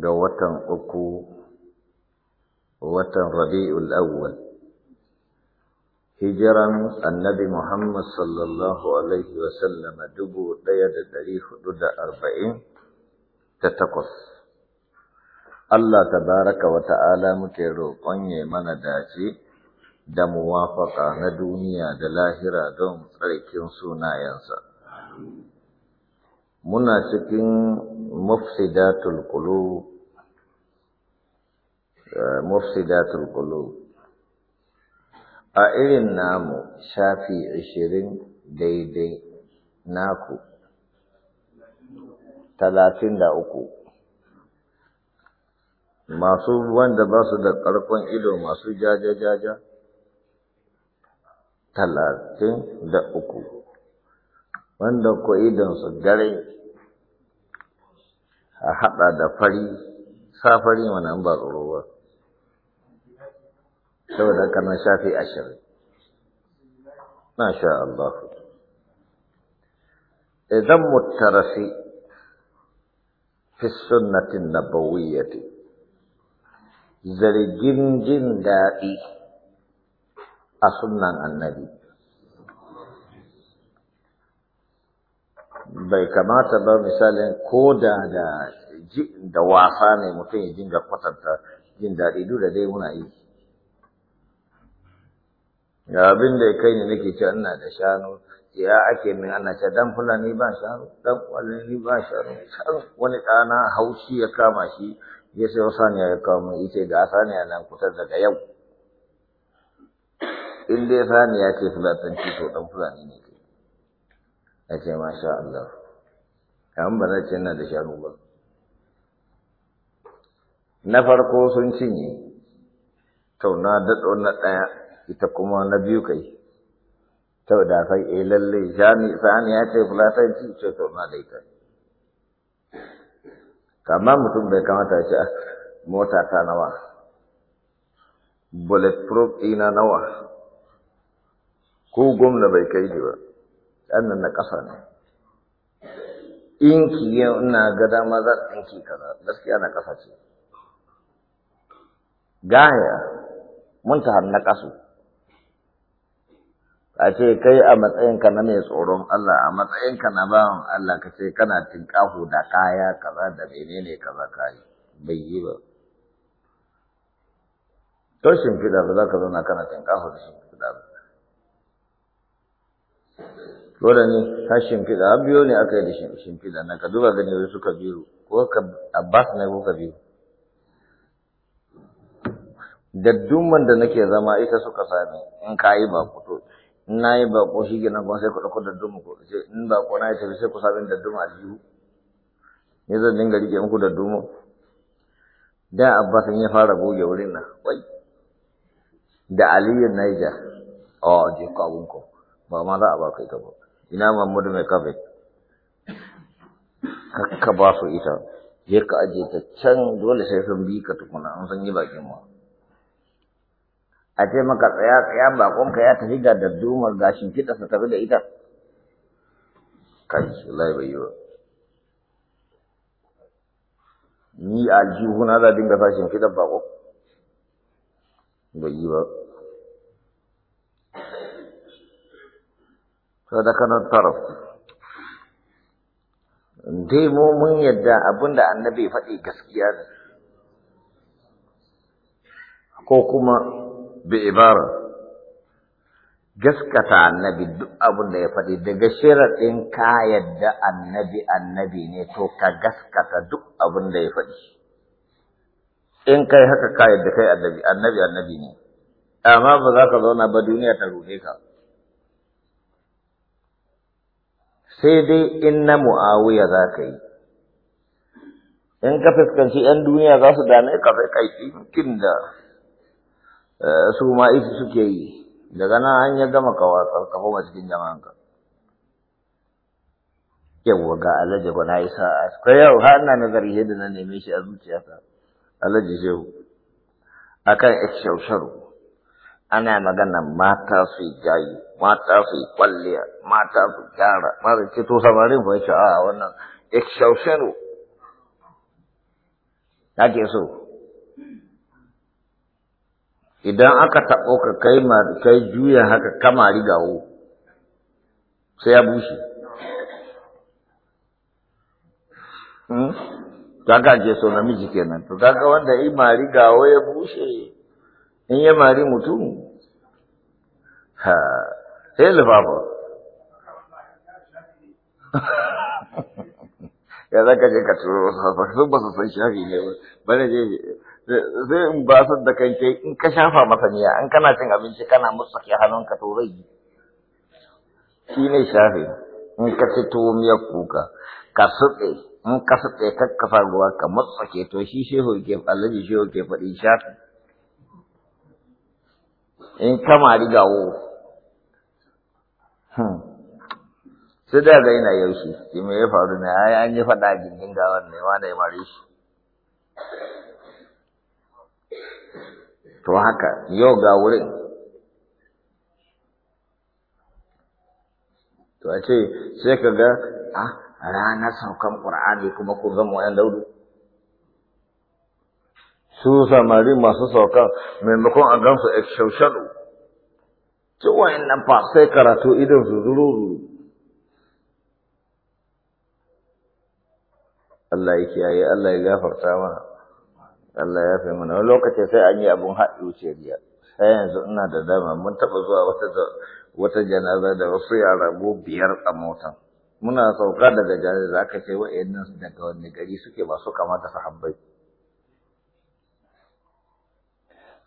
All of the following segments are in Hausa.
ga watan uku watan rabi'ul awwal hijiran annabi Muhammad sallallahu alaihi wa sallam dubu daya da dari hudu da arba'in ta takwas Allah tabaraka wa ta'ala muke roƙon ya mana dace da muwafaka na duniya da lahira don tsarkin sunayensa. muna cikin mufsidatul kulu eh, mufsidatul kulu a irin namu shafi ashirin daidai naku talatin da uku masu wanda ba su da ƙarfin ido masu jaja-jaja talatin da uku wanda ko su dare a haɗa da fari safari mana an ba tsoro ba saboda haka na shafi ashirin na sha Allah idan mutarafi fi sunnatin bawuyyati zargin jin daɗi a sunan annabi bai kamata ba misalin ko da da wasa ne mutum ya dinga kwatanta jin daɗi duk da dai muna yi ga abin da kai ne nake cewa ina da shanu ya ake min ana ce dan fulani ba shanu dan fulani ba shanu shanu wani ɗana haushi ya kama shi ya sayo saniya ya kama. mai ita ga saniya nan kusa daga yau in dai saniya ce fulatanci to dan fulani ne ke ake masha Allah kamar ba za ce yana da shanu ba na farko sun cinye to na daɗo na ɗaya ita kuma na biyu kai to da kai eh lalle jami sani ya ce fulatanci ce to na da ita kamar mutum bai kamata ce ah, mota ta nawa proof ɗina nawa ko gwamna bai kai ji ba ɗan nan na ƙasa ne ɗinki yau ina ga dama za ta ɗinki kaza gaskiya na ƙasa ce gaya mun ta na ƙasu a ce kai a matsayinka na mai tsoron Allah a matsayinka na bawan Allah ka ce kana tinƙaho da kaya kaza da menene kaza yi bai yi ba to shimfiɗa ba za ka zauna kana tinƙaho da shimfiɗa ba dole ne ka shimfiɗa an biyo ne aka yi da shimfiɗa na ka duba gani wai suka biyu ko ka abbas ne ko ka biyu da dumman da nake zama ita suka sami in ka yi bako to in na yi bako shi gina kuma sai ku ɗauko da dumma ko ce in bako na yi tafi sai ku sami da dumma biyu ne zan dinga rike muku da dumma da abbas ya fara goge wurin nan wai da aliyu naija a je ku abunku ba ma za a ba kai ka ba ina Muhammadu mai kafe kakka ba su ita je ka aje ta can dole sai sun bi ka tukuna an san yi bakin ma a ce maka tsaya tsaya ka ya tafi ga daddumar gashin kiɗa sa tafi da ita kai lai bai yi ba ni aljihuna za dinga sashin kiɗan bako bai yi ba sadakar taraf dai mu mun yadda abinda annabi faɗi gaskiya ne ko kuma bi ibara gaskata annabi duk abinda ya faɗi daga sharaɗin ka yadda annabi annabi ne to ka gaskata duk abinda ya faɗi in kai haka ka yadda kai annabi annabi annabi ne amma ba za ka zauna ba duniya ta rufe ka sai dai in na mu'awiya za ka yi in ka fuskanci 'yan duniya za su dane ka kai kaikin da eh, su ma ita suke yi daga nan an ya gama kawa tsarkafa ma cikin jama'anka yawwa ga ba na isa a kai yau har na nazari yadda na neme shi a zuciyata alhaji shehu akan ikshawsharu ana magana mata su jayi mata su kwalliya mata su gyara mara ce to samarin ba ce a ah, wannan ta ke so idan aka taɓo ka kai kai juya haka kamari gawo sai ya bushe hmm? ka ke so namiji kenan to kaga wanda yi mari gawo ya bushe in ya mari mutum ha sai lufafa ya za ka je ka turo sun ba su san shafi ne ba ne je sai in ba su da kanke in ka shafa masa miya an kana cin abinci kana hannun ka to yi shi ne shafi in ka ci tuwo miya kuka ka suɗe in ka suɗe kakkafa ruwa ka ke to shi shehu ke allaji shehu ke faɗi shafi in kama rigawo Hmm. sai da ga yana yaushe shi mai ya faru ne ai an yi faɗa gindin gawar ne wanda ya mare shi to haka yau ga wurin to a ce sai ka ga a ah, ranar saukan ƙur'ani kuma ku zama wayan daudu su samari masu saukan maimakon a gansu a shaushaɗu Su nan fa sai karatu idan su zururu. Allah ya kiyaye, Allah ya gafarta mana. Allah ya fi mana. Wani lokaci sai an yi abun haɗi wuce biya Sai yanzu ina da dama mun taɓa zuwa wata wata janaza da wasu yara go biyar a motan. Muna sauka daga janaza aka ce wa'annan daga wani gari suke ba su kamata sahabbai.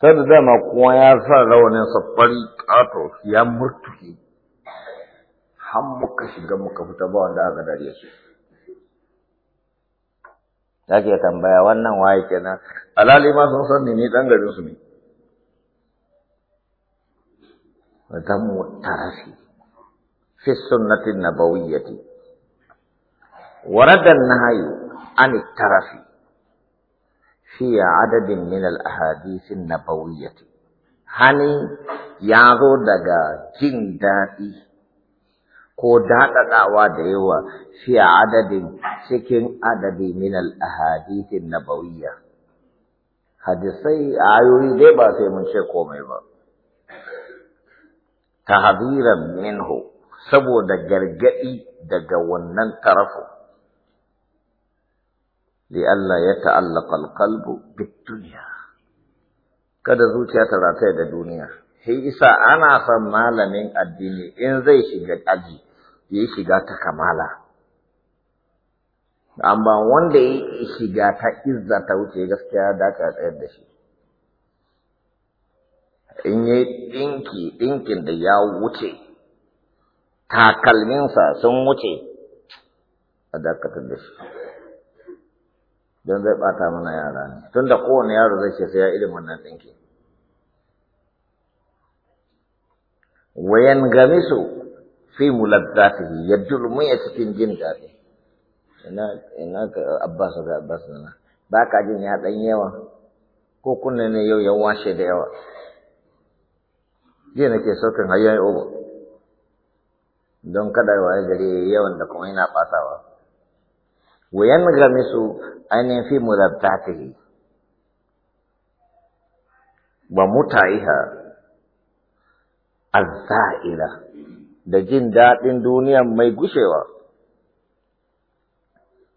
sai da dama kowa ya sa rawanin safari kato, ya murtuke har muka shiga muka fita ba wanda aka dare su Ya ke tambaya wannan waye kenan alali ma sun san ni dan garin su ne dan mutarafi fi sunnatin nabawiyyati waradan nahayi ani an tarafi fi adadin minal al na an-nabawiyyah hani ya zo daga jin daɗi ko daɗaɗawa da yawa fi adadin cikin adadi min al na an Hadisai a ayoyi dai ba sai mun ce komai ba tahdiran minhu saboda gargadi daga wannan tarafin. لئلا يتعلق القلب بالدنيا kada zuciya ta rataya da duniya shi isa ana son malamin addini in zai shiga aji ya shiga ta kamala amma wanda ya shiga ta izza ta wuce gaskiya da ka tsayar da shi in yi ɗinki ɗinkin da ya wuce takalminsa sun wuce a dakatar da shi don zai ɓata mana yara ne tun da kowane yaro zai ce sai ya ilimin wannan ɗinki wayan game su fi mulazzatihi ya dulmi a cikin jin daɗi ina ina ka abbas da abbas na ba ka jin ya ɗan yawa ko kunne ne yau ya washe da yawa jiya nake saukin hayyan obo don kada waye gari yawan da kuma yana ɓatawa وينغمس أن في مربعته ومتعها الزائلة لجن دات دنيا ما يقشوا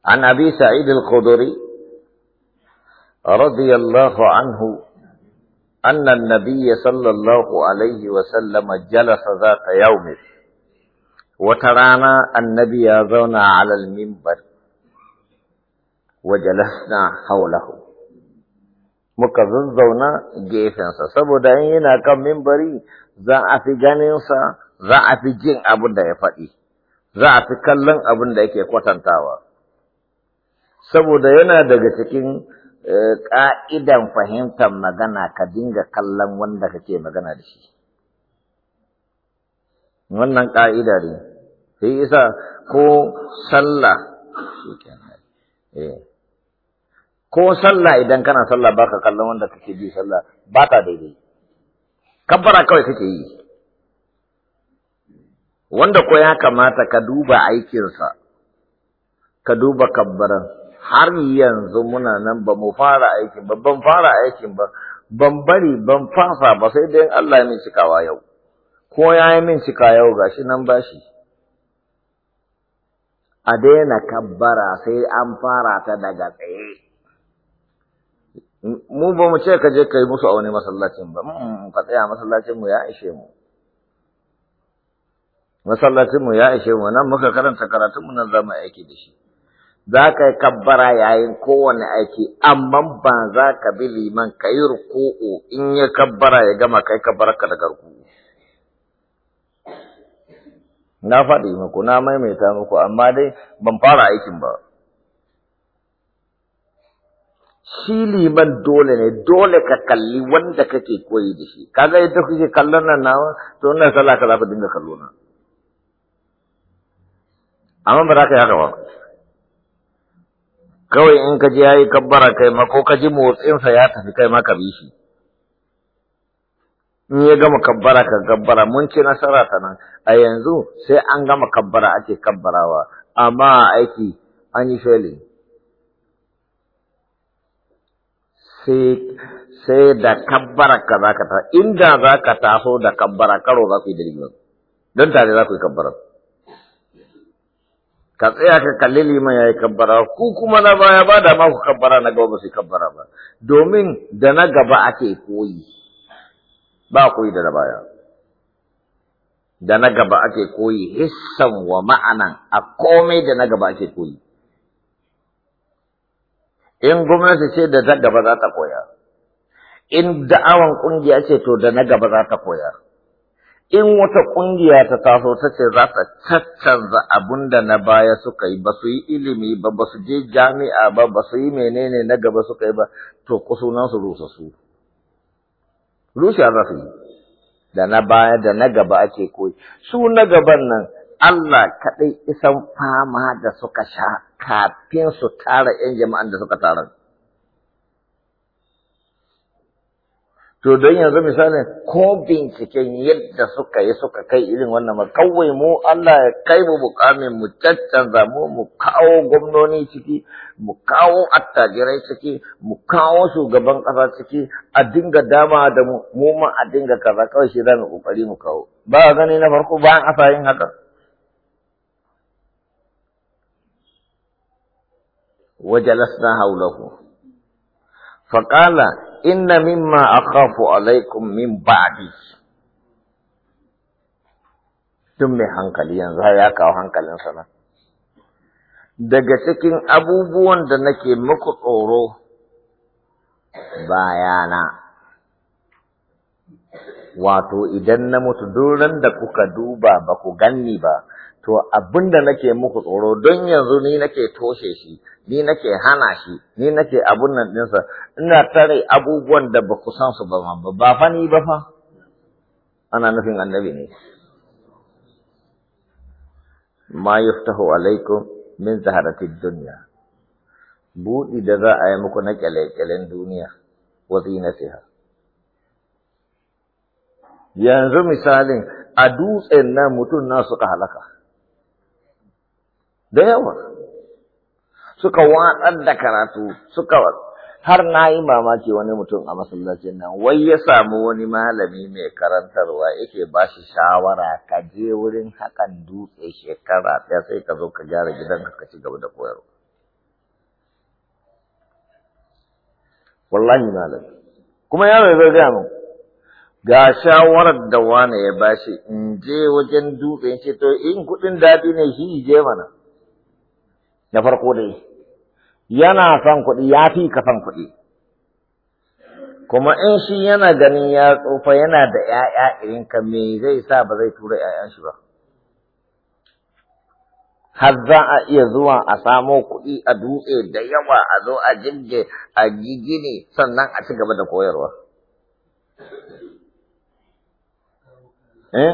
عن أبي سعيد الخضري رضي الله عنه أن النبي صلى الله عليه وسلم جلس ذات يوم وترانا النبي يظن على المنبر wajalasna haulahu muka zazzauna gefensa saboda in yana kan mimbari za a fi ganinsa za a fi jin abin da ya faɗi za a fi kallon abin da yake kwatantawa saboda yana daga cikin eh, ƙa'idan fahimtar magana ka dinga kallon wanda kake magana da shi wannan ƙa'ida ne sai isa ko sallah eh. ko sallah idan kana sallah baka kallon wanda kake bi sallah ba ta daidai kabbara kawai kake yi wanda ko ya kamata ka duba aikinsa ka duba kabbaran har yanzu muna nan ba mu fara aikin ba ban fara aikin ba ban bari ban fasa ba sai dai Allah ya min cikawa yau ko ya yi min cika yau gashi nan bashi a daina kabbara sai an fara ta daga tsaye mu ba mu ce ka je kai musu a wani masallacin ba ka tsaya masallacin ya ishe mu masallacin mu ya ishe mu nan muka karanta karatun mu nan zamu aiki da shi za ka yi kabbara yayin kowane aiki amma ba za ka bi liman ka yi ruku'u in ya kabbara ya gama kai kabbara ka daga ruku'u na faɗi muku na maimaita muku amma dai ban fara aikin ba shi liman dole ne dole ka kalli wanda kake koyi da shi kaga yadda kuke kallon nan nawa to wannan sallah ka zafi dinga kallo na amma ba za ka yi haka ba kawai in ka ji yayi kabbara kai ma ko ka ji motsinsa ya tafi kai ma ka bi shi in ya gama kabbara ka kabbara mun ci nasara ta nan a yanzu sai an gama kabbara ake kabbarawa amma aiki an yi failing sai da kabbara ka za ka ta inda za ka taso da kabbara karo za ku yi dalilin don tare za ku yi kabbara ka tsaya ka kalli liman ya yi kabbara ku kuma na baya ba da ma ku kabbara na gaba ba su kabbara ba domin da na gaba ake koyi ba koyi da na baya da na gaba ake koyi hissan wa ma'anan a komai da na gaba ake koyi in gwamnati ce da ta gaba za ta koya in da'awan ƙungiya ce to da na gaba za ta koya in wata ƙungiya ta taso ta ce za ta caccanza abun da na baya suka yi ba su yi ilimi ba ba su je jami'a ba ba su yi menene na gaba suka yi ba to kusunan su rusa su rusha za su yi da na baya da na gaba ake koyi su na gaban nan Allah kaɗai isan fama da suka sha kafin su tara ‘yan jama'an da suka tara. To don yanzu misalin ko binciken yadda suka yi suka kai irin wannan ma kawai mu Allah ya kai mu mukamin mu caccanza mu mu kawo gwamnoni ciki mu kawo attajirai ciki mu kawo shugaban ƙasa ciki a dinga dama da mu mu ma a dinga kaza kawai shi za mu kokari mu kawo ba gani na farko bayan asa yin haka. وجلسنا حوله فقال إن مما أخاف عليكم من بعدي tun mai hankali yanzu ya kawo hankalin sana. Daga cikin abubuwan da nake muku tsoro bayana. wato idan na mutu duran da kuka duba ba ku ganni ba to abin da nake muku tsoro don yanzu ni nake toshe shi ni nake hana shi ni nake abun nan ɗinsa ina tare abubuwan da ba ku san su ba ba fa ni ba fa ana nufin annabi ne ma yuftahu alaikum min zaharati dunya buɗi da za a yi muku na kyale-kyalen duniya wa zinatiha yanzu misalin a dutsen nan mutum na suka halaka da yawa suka watsar da karatu suka har na yi mamaki wani mutum a masallacin nan wai ya samu wani malami mai karantarwa yake ba shi shawara ka je wurin hakan dutse shekara ɗaya sai ka zo ka gyara gidan ka ci gaba da koyarwa wallahi malami. kuma yaro ya zai gaya min ga shawarar da wane ya bashi in je wajen dutsen ce to in kuɗin daɗi ne shi je mana na farko dai yana son kuɗi ya fi ka son kuɗi kuma in shi yana ganin ya tsufa yana da ‘ya'ya irin ka me zai sa ba zai tura ‘ya'yan shi ba har za a iya zuwa a samo kuɗi a dutse da yawa a zo a jirge a gini sannan a ci gaba da koyarwa eh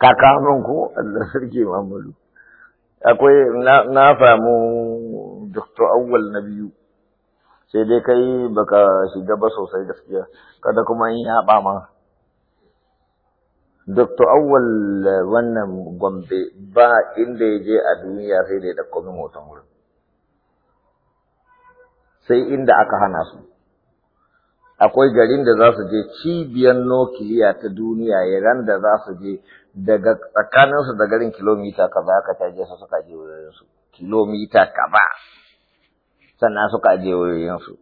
kakanin ko Allah sarki Muhammadu akwai na famu Dr. Awwal na biyu sai dai kai baka shiga ba sosai gaskiya kada kuma in ya ma Dr. Awwal wannan Gombe ba inda ya je a duniya sai dai da komin hoton wurin sai inda aka hana su akwai garin da za su je cibiyar nukiliya ta duniya ya ran da za su je daga tsakaninsu da garin kilomita kaza aka caje su suka je wurinsu kilomita kaza sannan suka je wurinsu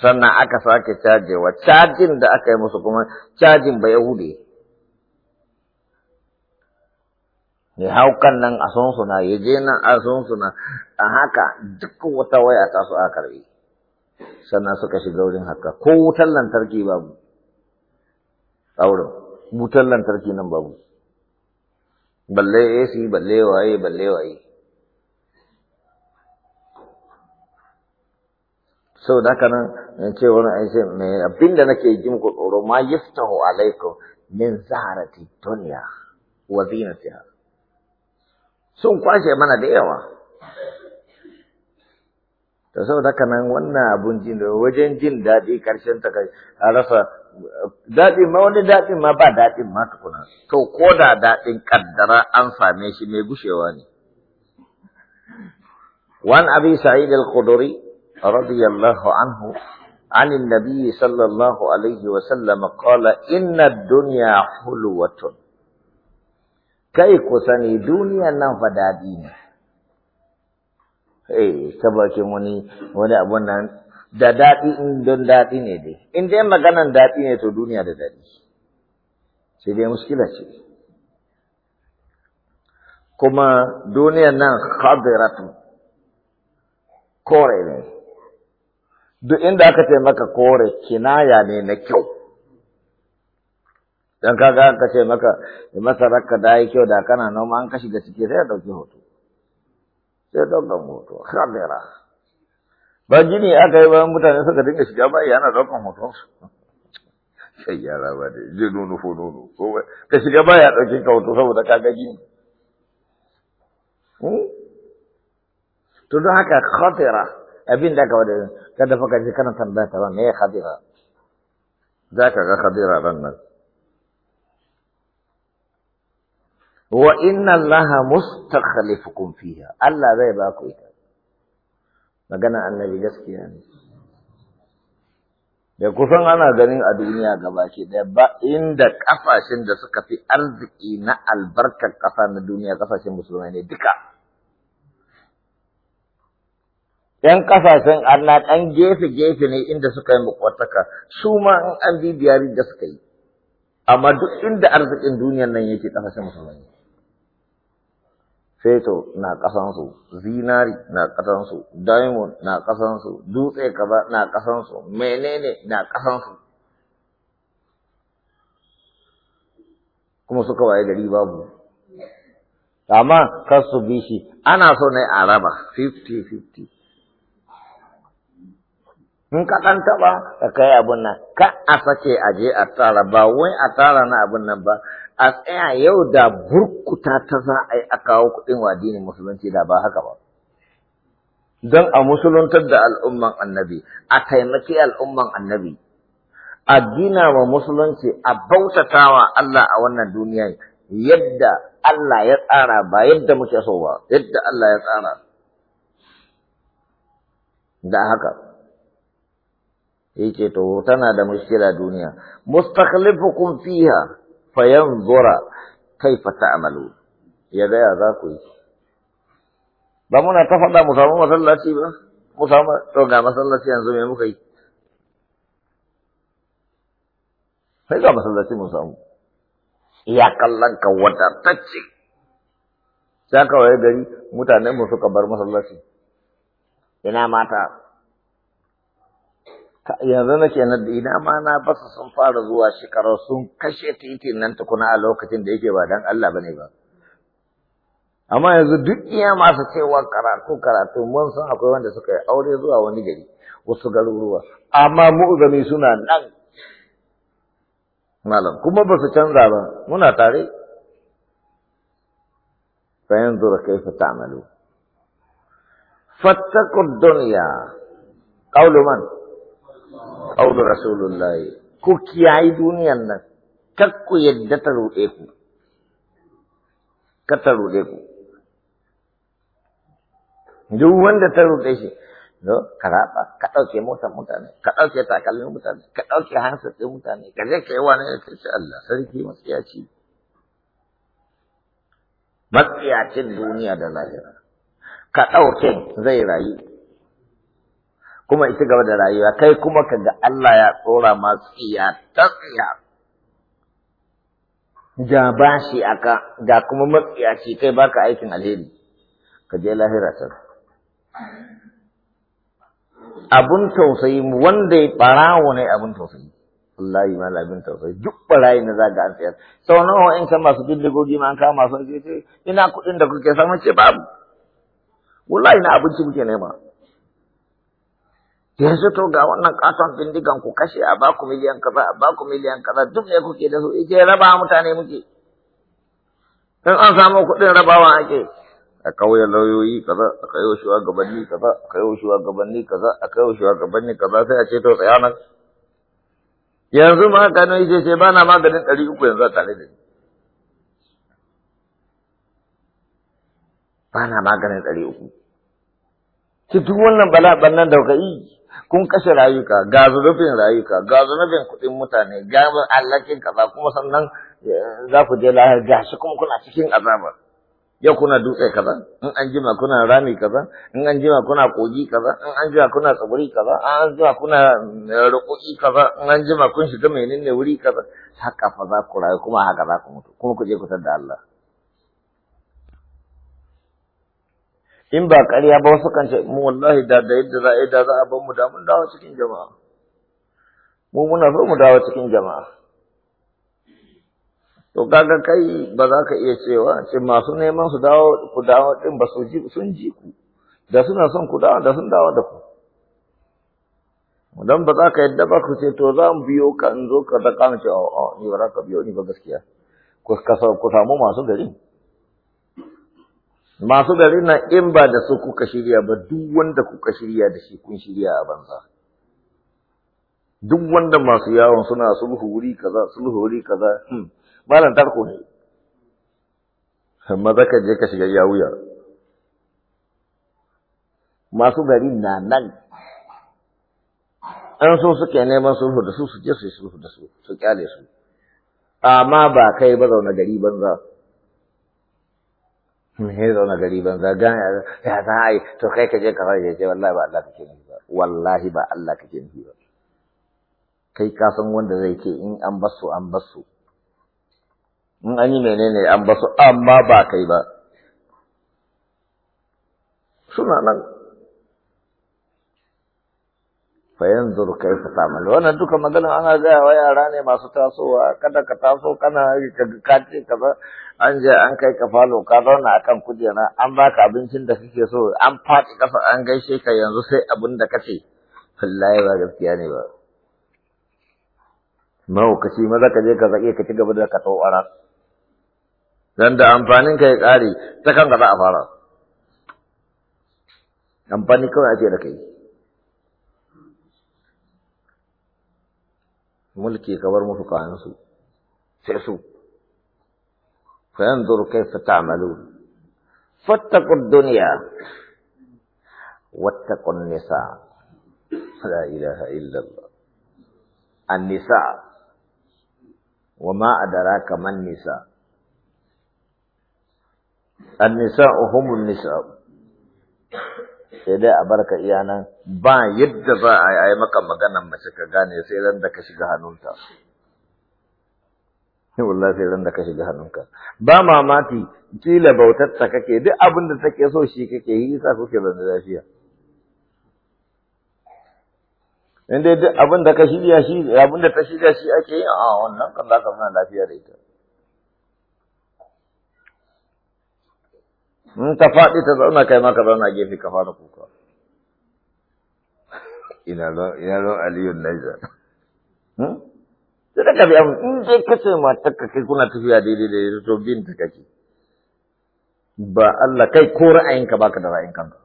sannan aka sake cajewa cajin da aka yi musu kuma cajin bai hude mai haukan nan a sunsuna ya je nan a sunsuna a haka duk wata waya ta su aka karbi sannan suka shiga wurin haka ko wutar lantarki babu tsaurin wutar lantarki nan babu balle AC balle waye balle waye So, da haka nan in ce wani an ce mai abinda nake jin ku tsoro ma yiftahu alaikum min zaharati dunya wa zinatiha sun kwashe mana da yawa to saboda haka nan wannan abun jin wajen jin daɗi ƙarshen ta kai a rasa daɗi ma wani daɗin ma ba daɗin ma tukuna to ko da daɗin kaddara an same shi mai gushewa ne وعن أبي سعيد الخدري رضي sallallahu alaihi عن النبي صلى الله عليه وسلم قال إن الدنيا حلوة nan fa دنيا ne. eh ta bakin wani wani abun nan da daɗi in don daɗi ne dai in dai maganan daɗi ne to duniya da daɗi sai dai muskila ce kuma duniyan nan khadiratu kore ne duk inda aka ce maka kore kinaya ne na kyau dan kaga aka ce maka masarar ka da kyau da kana noma an kashi shiga ciki sai ya ɗauki hoto sai ɗaukan hoto kamera ba gini aka yi bayan mutane suka dinga shiga ba yana ɗaukan hotonsu sai yara ba da je nono nono ko ka shiga ba ya ɗauke ka hoto saboda ka ga gini hmm? to don haka khatira abin da ka wada ka dafa ka je kana tambaya ta ba me khatira za ka ga khatira ran nan wa inna allaha mustakhlifukum fiha Allah zai ba ku ita magana annabi gaskiya ne da kusan ana ganin a duniya gabaki daya ba inda kafashin da suka fi arziki na albarkar kasa na duniya kafashin musulmai ne duka ‘Yan kasashen Allah ɗan gefe-gefe ne inda suka yi mukwataka su ma an bibiyari da suka yi, amma duk inda arzikin duniyar nan yake kasashen musulmai ne. Feto na ƙasansu zinari na ƙasansu diamond na ƙasansu dutse kaza na ƙasansu menene na ƙasansu kuma suka waye gari babu amma kar su bi shi ana so ne a raba 50-50 in ka ɗan taɓa ka kai abin nan ka a sake a je a tara ba wai a tara na abin nan ba a tsaya yau da burkuta ta za a yi a kawo kuɗin wa addinin musulunci da ba haka ba. Don a musuluntar da al'umman annabi, a taimaki al'umman annabi, a gina wa musulunci, a bautata wa Allah a wannan duniya yadda Allah ya tsara ba yadda muke so ba, yadda Allah ya tsara. Da haka. yake to tana da mushkila duniya mustakhlifukum fiha fayanzura kai ta'malu ya ga ya za ku yi ba muna ta faɗa mu samu masallaci ba mu samu to ga masallaci yanzu me muka yi sai ga masallaci mu samu iya kallon ka wadatacce sai kawai waye gari mutanen mu suka bar masallaci ina mata yanzu nake nan da ina ma na basu sun fara zuwa shekarar sun kashe titin nan tukuna a lokacin da yake ba dan Allah ne ba amma yanzu duk iya masu cewa karatu karatu mun san akwai wanda suka yi aure zuwa wani gari wasu garuruwa amma mu'zami suna nan malam kuma ba su canza ba muna tare fa zura kaifa ta'malu fattaqu fattakun duniya qawlu man Audu Rasulullahi, ku kiyayi duniyan nan, kakku yadda ta ruɗe ku, ka ta ruɗe ku. Duk wanda ta ruɗe shi, no, ka ka ɗauke mota mutane, ka ɗauke takalmin mutane, ka ɗauke hansar ɗin mutane, ka je ka yi wani ya ce Allah sarki matsiyaci. Matsiyacin duniya da lahira, ka ɗauke zai rayu. kuma ita gaba da rayuwa kai kuma kaga Allah ya tsora masu iya ta tsiya ja ba shi aka ga kuma shi kai baka aikin alheri ka je lahira ta abun tausayi wanda ya barawo ne abun tausayi wallahi mala abin tausayi duk barayi na zaga an tsayar sau nawa in kan masu bindigogi ma an kama su ina kuɗin da kuke samun ce babu wallahi na abinci muke nema yanzu to ga wannan katon bindigan ku kashe a baku miliyan kaza a baku miliyan kaza duk ne kuke da su ike raba mutane muke in an samu kuɗin rabawa ake a kauye lauyoyi kaza a kayo shugabanni kaza a kayo shugabanni kaza a kayo shugabanni kaza sai a ce to tsaya nan yanzu ma Kano yace ce ba na maganin ɗari uku yanzu a tare da ni ba na maganin ɗari uku ki duk wannan Bala bannan dauka kai kun kashe rayuka ga zunubin rayuka ga kuɗin mutane ga allakin kaza kuma sannan eh, za ku je lahar shi kuma kuna cikin azaba yau kuna dutse kaza in an jima kuna rami kaza in an jima kuna kogi kaza in an jima kuna tsibiri kaza in an jima kuna eh, rukuki kaza in an jima kun shiga menene wuri kaza haka fa za ku rayu kuma haka za ku mutu kuma ku je ku da Allah in ba ƙarya ba wasu kan ce mu wallahi da da yadda za a yi da za a bar mu da mun dawo cikin jama'a mu muna so mu dawo cikin jama'a to kaga kai ba za ka iya cewa ce masu neman su dawo ku dawo din ba su ji sun ji ku da suna son ku dawo da sun dawo da ku dan ba za ka yadda ba ku ce to za mu biyo ka in zo ka da ka ce a oh, ni ba za ka biyo ni ba gaskiya ku samu masu garin masu gari na in ba da su kuka shirya ba duk wanda kuka shirya da shi kun shirya a banza duk wanda masu yawon suna sulhu wuri kaza sulhu wuri kaza hmm. malam tarko ne maza zaka je ka shiga yawuya masu gari na nan an so suke neman sulhu da su su je su yi sulhu da su su kyale su amma ba kai ba zaune gari banza ne na gari ban zaga ya za a yi to kai ka je ka fara yace wallahi ba Allah kake nufi ba wallahi ba Allah kake nufi ba kai ka san wanda zai ce in an an in an yi menene an basu amma ba kai ba suna nan fayanzur ta mali wannan duka magana ana gaya wa yara ne masu tasowa kada ka taso kana ka ce ba an je an kai ka falo ka zauna akan kujera an baka abincin da kake so an faɗi kafa an gaishe ka yanzu sai abin da kace wallahi ba gaskiya ne ba mahaukaci maza ka je ka zaƙe ka ci gaba da ka ara dan da amfanin ka ya ƙare ta kan ka za a fara amfani kawai ake da kai ملكي كبر مفقا ينسو سعسو فينظر كيف تعملون فاتقوا الدنيا واتقوا النساء لا إله إلا الله النساء وما أدراك ما النساء النساء هم النساء sai dai a barka iya nan ba yadda za a yi maka maganan mace ka gane sai ran da ka shiga hannunta sai wallahi sai ran da ka shiga hannunka ba mamaki kila ta kake duk abin da take so shi kake yi sa kuke da lafiya in dai duk abin da ka shirya shi abin da ta shirya shi ake yi a wannan kan za ka muna lafiya da ita in ta faɗi ta zauna kai ma ka zauna gefe ka fara kuka ina lo ina zo aliyun naija hmm? sai da ka bi in dai ka ce matar ka kai kuna tafiya daidai da ita to bin ta kake ba Allah kai ko ra'ayinka baka da ra'ayin kanka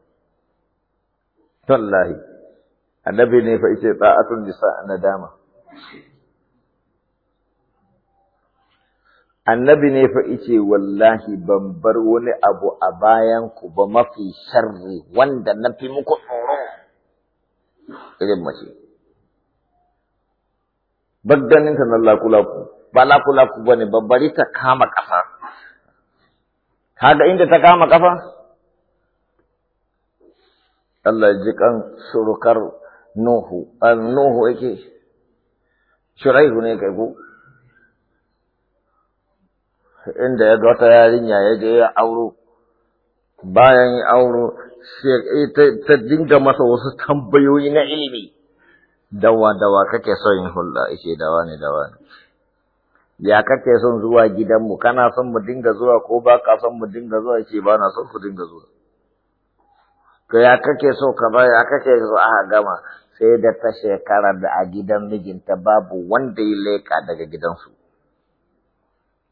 wallahi annabi ne fa yace ta'atun nisa nadama annabi ne fa ice wallahi ban bar wani abu a bayan ku ba mafi sharri wanda na fi muku tsoro irin mace bagganin ta na lakulaku ba lakulaku ba ne babbari ta kama kafa kaga inda ta kama kafa Allah ji kan surukar Nuhu, Nuhu yake, Shuraihu ne kai ko? inda ya ga wata yarinya ya je ya auro bayan ya auro ta dinga masa wasu tambayoyi na ilimi dawa dawa kake son yin hulɗa ishe dawa ne dawa ne ya kake son zuwa gidanmu kana son mu dinga zuwa ko ba ka son mu dinga zuwa ce ba na son ku dinga zuwa ka ya kake so ka ba ya kake so a gama sai da ta shekara da a gidan mijinta babu wanda ya leka daga gidansu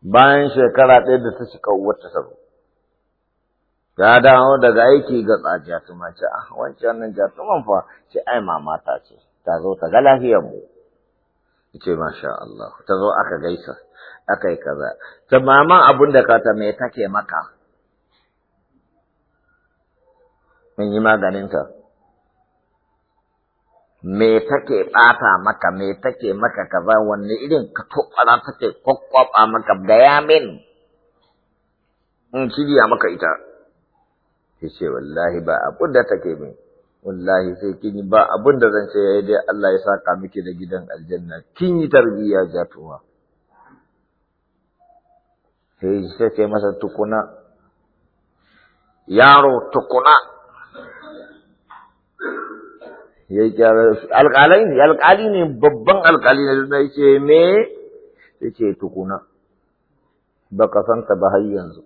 bayan shekara ɗaya da ta cika ta saro. ta dawo daga aiki ga ta ce a ah, wancan nan jatuman fa ce ai mamata ce ta zo ta ga lafiyar mu ce masha Allah ta zo aka gaisa aka yi kaza ta maman abin da ka ta me take maka mun yi maganinta me take ɓata maka me take maka kaza wanne irin ka tuɓɓara take kwakwaba maka gaya min in shirya maka ita ya ce wallahi ba abun da take min wallahi sai kin ba abun da zan ce ya dai Allah ya saka miki da gidan aljanna kin yi tarbiyya jatuwa sai sai ce masa tukuna yaro tukuna ya yi kyara alƙalai ne alƙali ne babban alƙali ne na ce me ya ce tukuna Baka ka santa ba har yanzu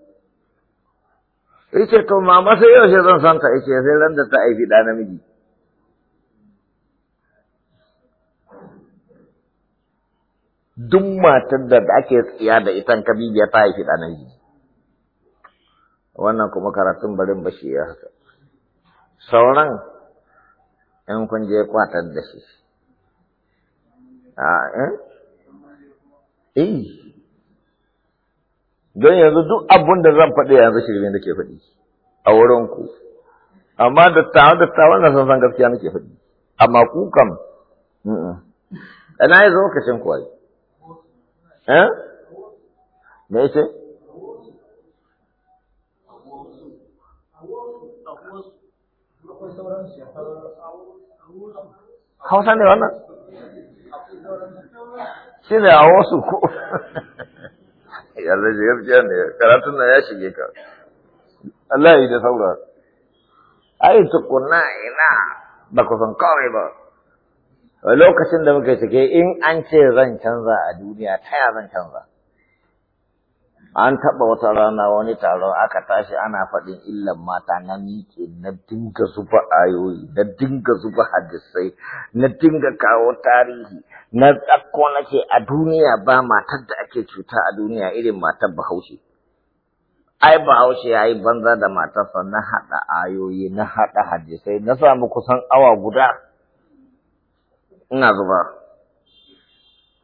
ya ce to mama sai yaushe zan santa ya ce sai ran da ta haifi ɗa namiji duk matar da ake tsiya da ita ka bibiya ta haifi ɗa namiji wannan kuma karatun barin bashi ya haka sauran in kun je kwatar da shi ah, eh? eh don yanzu duk abun da zan faɗi yanzu shirme da ke faɗi a wurin ku amma da dattawan na san san gaskiya nake faɗi amma ku kam ina yi zo kashin kwayi eh me yace sauran hausa ne wannan shi ne a wasu ko yalla ji gaskiya ne karatun nan ya shige ka Allah ya yi da saura ai tukunna ina ba ku san kawai ba lokacin da muka cike in an ce zan canza a duniya ta ya zan canza an taɓa wata rana wani taron aka tashi ana faɗin illan mata na miƙe na dinga zuba ayoyi na dinga zuba hadisai na dinga kawo tarihi na tsakko nake a duniya ba matar da ake cuta a duniya irin matar bahaushe ai bahaushe ya yi banza da matarsa na haɗa ayoyi na haɗa hadisai na samu kusan awa guda ina zuba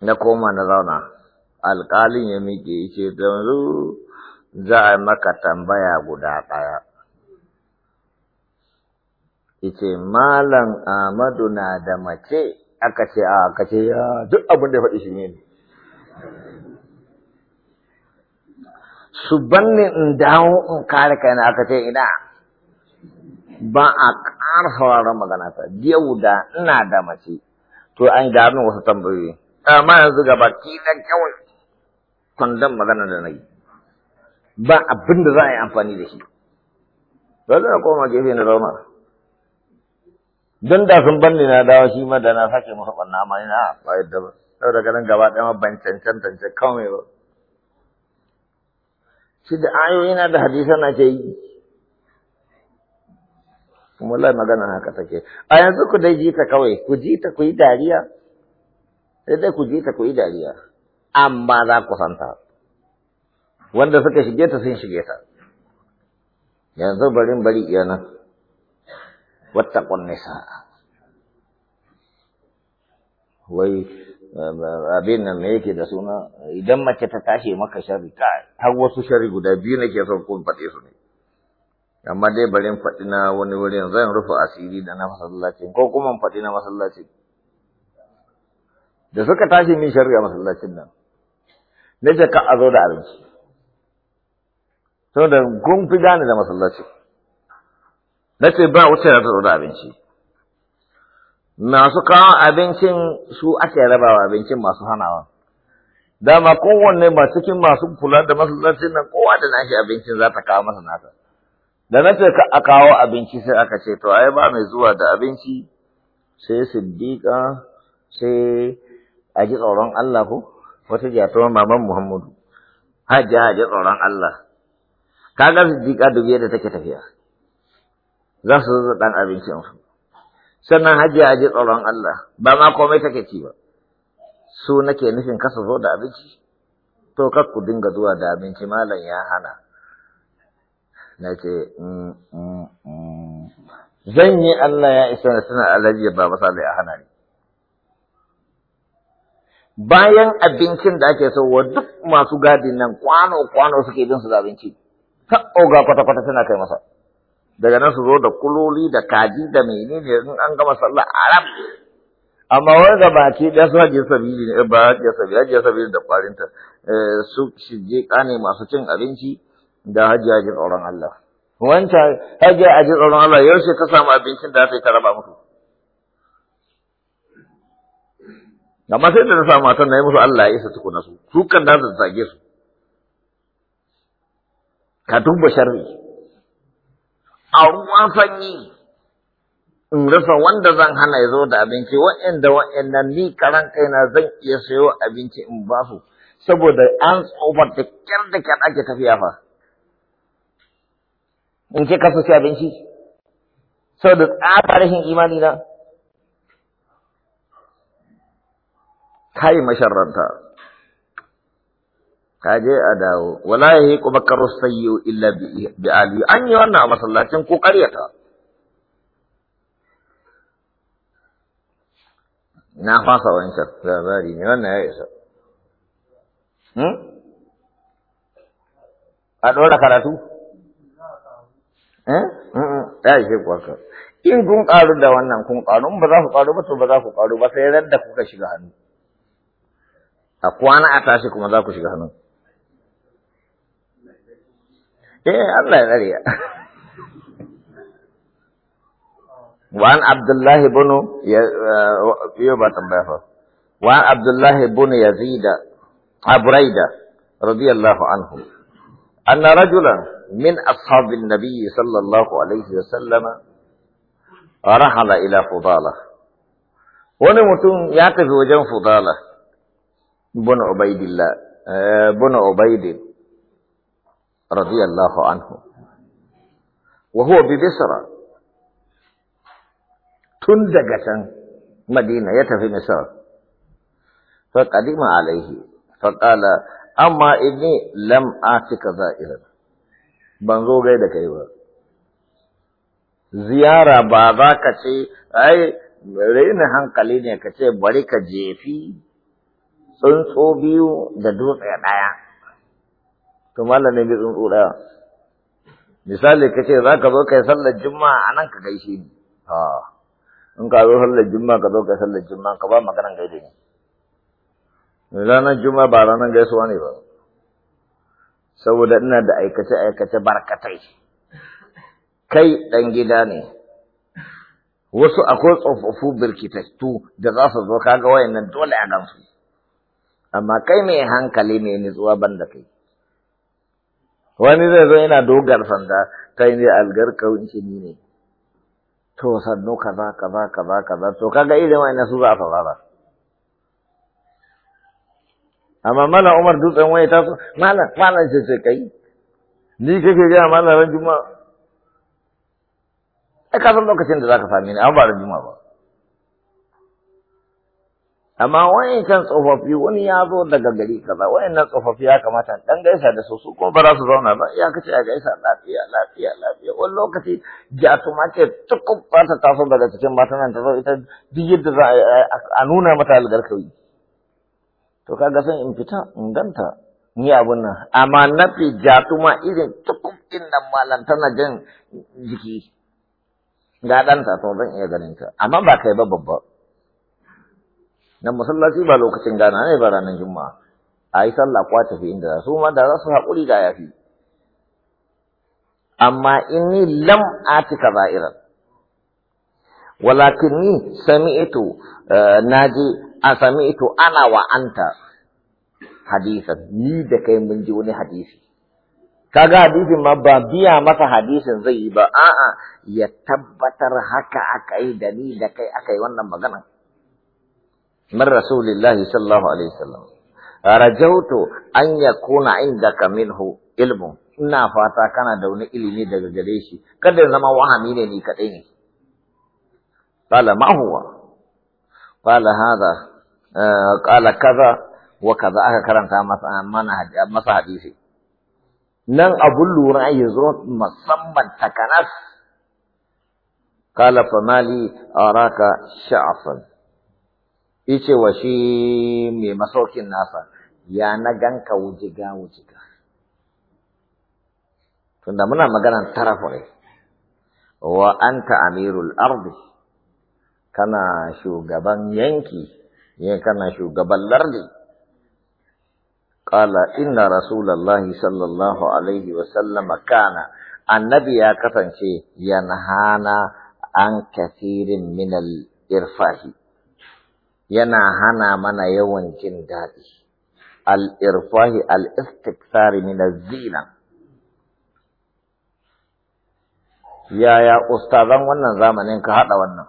na koma na zauna alƙalin ya miƙe ce yanzu za a maka tambaya guda ɗaya. Ice Malam Ahmadu na da mace aka ce a aka ce ya duk abin da ya faɗi shi ne. Su banne in dawo in kare kaina aka ce ina ba a ƙara sauraron magana ta yau da ina da mace to an da wasu tambayoyi amma yanzu gaba ki dan kawai kwandon magana da na yi ba abin da za a yi amfani da shi Ba zai koma gefe na zauna don da sun banne na dawo shi ma da na sake masa ɓanna amma ina ba yadda ba sau da ganin gaba ɗaya ban cancan tance kawai ba shi da ayoyi na da hadisa na ke yi kuma lai magana haka take a yanzu ku dai ji ta kawai ku jita ku yi dariya sai dai ku ji ta ku yi dariya amma za ku santa wanda suka shige ta sun shige ta yanzu barin bari iyana ƙwanne nisa wai abin nan me yake da suna idan mace ta tashi maka shari har wasu shari guda biyu nake son kun faɗe su ne amma dai bari faɗi na wani yanzu zan rufe asiri da na masallacin ko kuma faɗi na masallacin da suka tashi min shari a masallacin nan na ka a zo da abinci saboda kun fi gane da masallaci na ce ba wuce na zo da abinci masu kawo abincin su ake rabawa abincin masu hanawa dama kowanne ba cikin masu kula da masallacin nan kowa da nashi abincin za ta kawo masa nata da na ce a kawo abinci sai aka ce to ai ba mai zuwa da abinci sai siddiƙa sai a ji tsoron Allah ko wata jatuwar maman Muhammadu, hajji hajji tsoron Allah, ka ga su jika dubiya yadda take tafiya, za su zuzu ɗan abincinsu. Sannan hajji hajji tsoron Allah, ba ma komai take ci ba, su nake nufin kasa zo da abinci, to kar ku dinga zuwa da abinci malam ya hana. Na ce, mm, mm, mm. zan yi Allah ya isa suna alaji ba masala a hana ni. bayan abincin da ake sauwa duk masu gadin nan kwano-kwano suke bin su da abinci, ta oga kwata-kwata suna kai masa. Daga nan su zo da kuloli da kaji da menene in an gama sallah arab. Amma wani da baki ɗaya su hajiya sabili ne, ba hajiya sabili, hajiya sabili da kwarinta, eh, su shige kane masu cin abinci da hajiya ji tsoron Allah. Wancan hajiya a tsoron Allah yaushe ka samu abincin da ta raba mutu. amma sai da na sa matan na yi musu Allah ya isa tukuna su su kan da su zage su ka duba sharri a ruwan sanyi in rasa wanda zan hana ya zo da abinci wa'anda wa'annan ni karan kaina zan iya sayo abinci in ba su saboda an tsofar da kyar da kyar ake tafiya fa in ce kasu shi abinci saboda tsabar rashin imani na kai masharranta kaje a dawo wala ku bakarus sayyi illa bi ali an yi wannan a masallacin ko ƙaryata na fasa wancan labari ne wannan ya isa hmm? a ɗora karatu eh? ya ishe kwaka in kun ƙaru da wannan kun ƙaru ba za ku ƙaru ba to ba za ku ƙaru ba sai ran da kuka shiga hannu kwana a tashi kuma za ku shiga hannu eh Allah ya وعن عبد الله بن يوبا آه، تنبيه وعن عبد الله بن يزيد آه، بريدة رضي الله عنه أن رجلا من أصحاب النبي صلى الله عليه وسلم رحل إلى فضالة ونمتون يعتف وجن فضالة بن عبيد الله آه، بن عبيد رضي الله عنه وهو ببصرة تندقة مدينة يتفي مصر فقدم عليه فقال أما إني لم آتك زائرا بنزو غير كيبا زيارة بابا كشي أي رين هنقلين كشي بريك جيفي tsuntsu biyu da dutse ɗaya to malam ne bi tsuntsu ɗaya misali ka ce za ka zo kai sallar juma'a a nan ka gaishe ni in ka zo sallar juma'a ka zo kai sallar juma'a ka ba maganan gaide ne ranar juma'a ba ranar gaisuwa ne ba saboda ina da aikace-aikace barkatai kai ɗan gida ne wasu akwai tsofaffu birkitattu da za su zo kaga wayannan dole a gansu amma kai mai hankali mai nutsuwa ban da kai wani zai zo yana dogar sanda kai ne algar kawunci ni ne to sannu kaza kaza kaza kaza to kaga idan wani su za a fara amma mana Umar dutsen waye ta so malam ce ce kai ni kake ga malam ran juma'a ai ka san lokacin da zaka sami ni a ba ran juma'a ba amma kan tsofaffi wani ya zo daga gari kaza wayannan tsofaffi ya kamata dan gaisa da su su kuma ba za su zauna ba ya kace a gaisa lafiya lafiya lafiya wani lokaci jatuma ce tukun ba ta taso daga cikin matan nan ta zo ita duk yadda za a nuna mata algarkawi to kaga san in fita in ganta ni abun nan amma nafi jatuma irin tukub din nan malam tana jin jiki ga ɗanta to zan iya ganin ka. amma ba kai ba babba nan masallaci ba lokacin gana ne ba ranar juma'a a yi sallah kwa tafi inda su ma da za su haƙuri da yafi amma inni lam atika za'iran walakinni sami'tu eh, naji a sami'tu ana wa anta hadisan ni da kai mun ji wani hadisi kaga hadisin ma ba biya masa hadisin zai yi ba a'a ya tabbatar haka aka yi da ni da kai aka yi wannan maganar. من رسول الله صلى الله عليه وسلم رجوت أن يكون عندك منه علم إنا فاتا كان دون إلمي دغ جليشي قدر نما وهمي لني كتيني قال ما هو قال هذا آه، قال كذا وكذا أكا كرانتا مسا حديثي نن أبو اللورا يزرون مصمم تكنس قال فمالي أراك شعصا ice wa shi mai masaukin nasa ya na ganka wujiga wujiga tunda muna maganan tarafure wa an amirul ardi kana shugaban yanki ne kana shugaban lardi ƙala inna rasulullahi sallallahu alaihi wa sallama kana annabi ya kasance yanhana an kafirin minal irfahi yana hana mana yawan jin daɗi al-irfahi al min zina yaya ustazan wannan zamanin ka haɗa wannan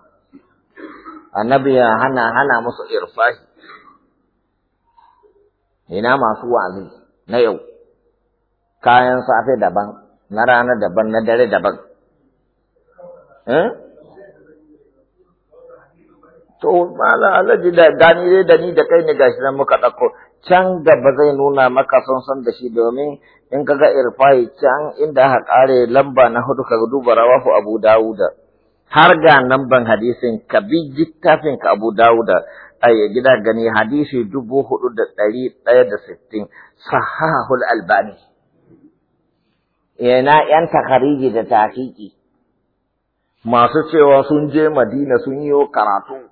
annabi ya hana hana musu irfahi ina masu wa'azi na yau kayan safe daban na rana daban na dare daban eh To mala alaji da gani dai da ni da kai ne gashi nan muka ɗauko can gaba zai nuna maka son son da shi domin in ka ga irfai can inda aka ƙare lamba na hudu ka duba rawahu Abu Dawuda har ga lamban hadisin ka bi littafin ka Abu Dawuda a gida gani hadisi dubu hudu da ɗari ɗaya da sittin sahahul albani yana yan takariji da tahiki masu cewa sun je Madina sun yi karatu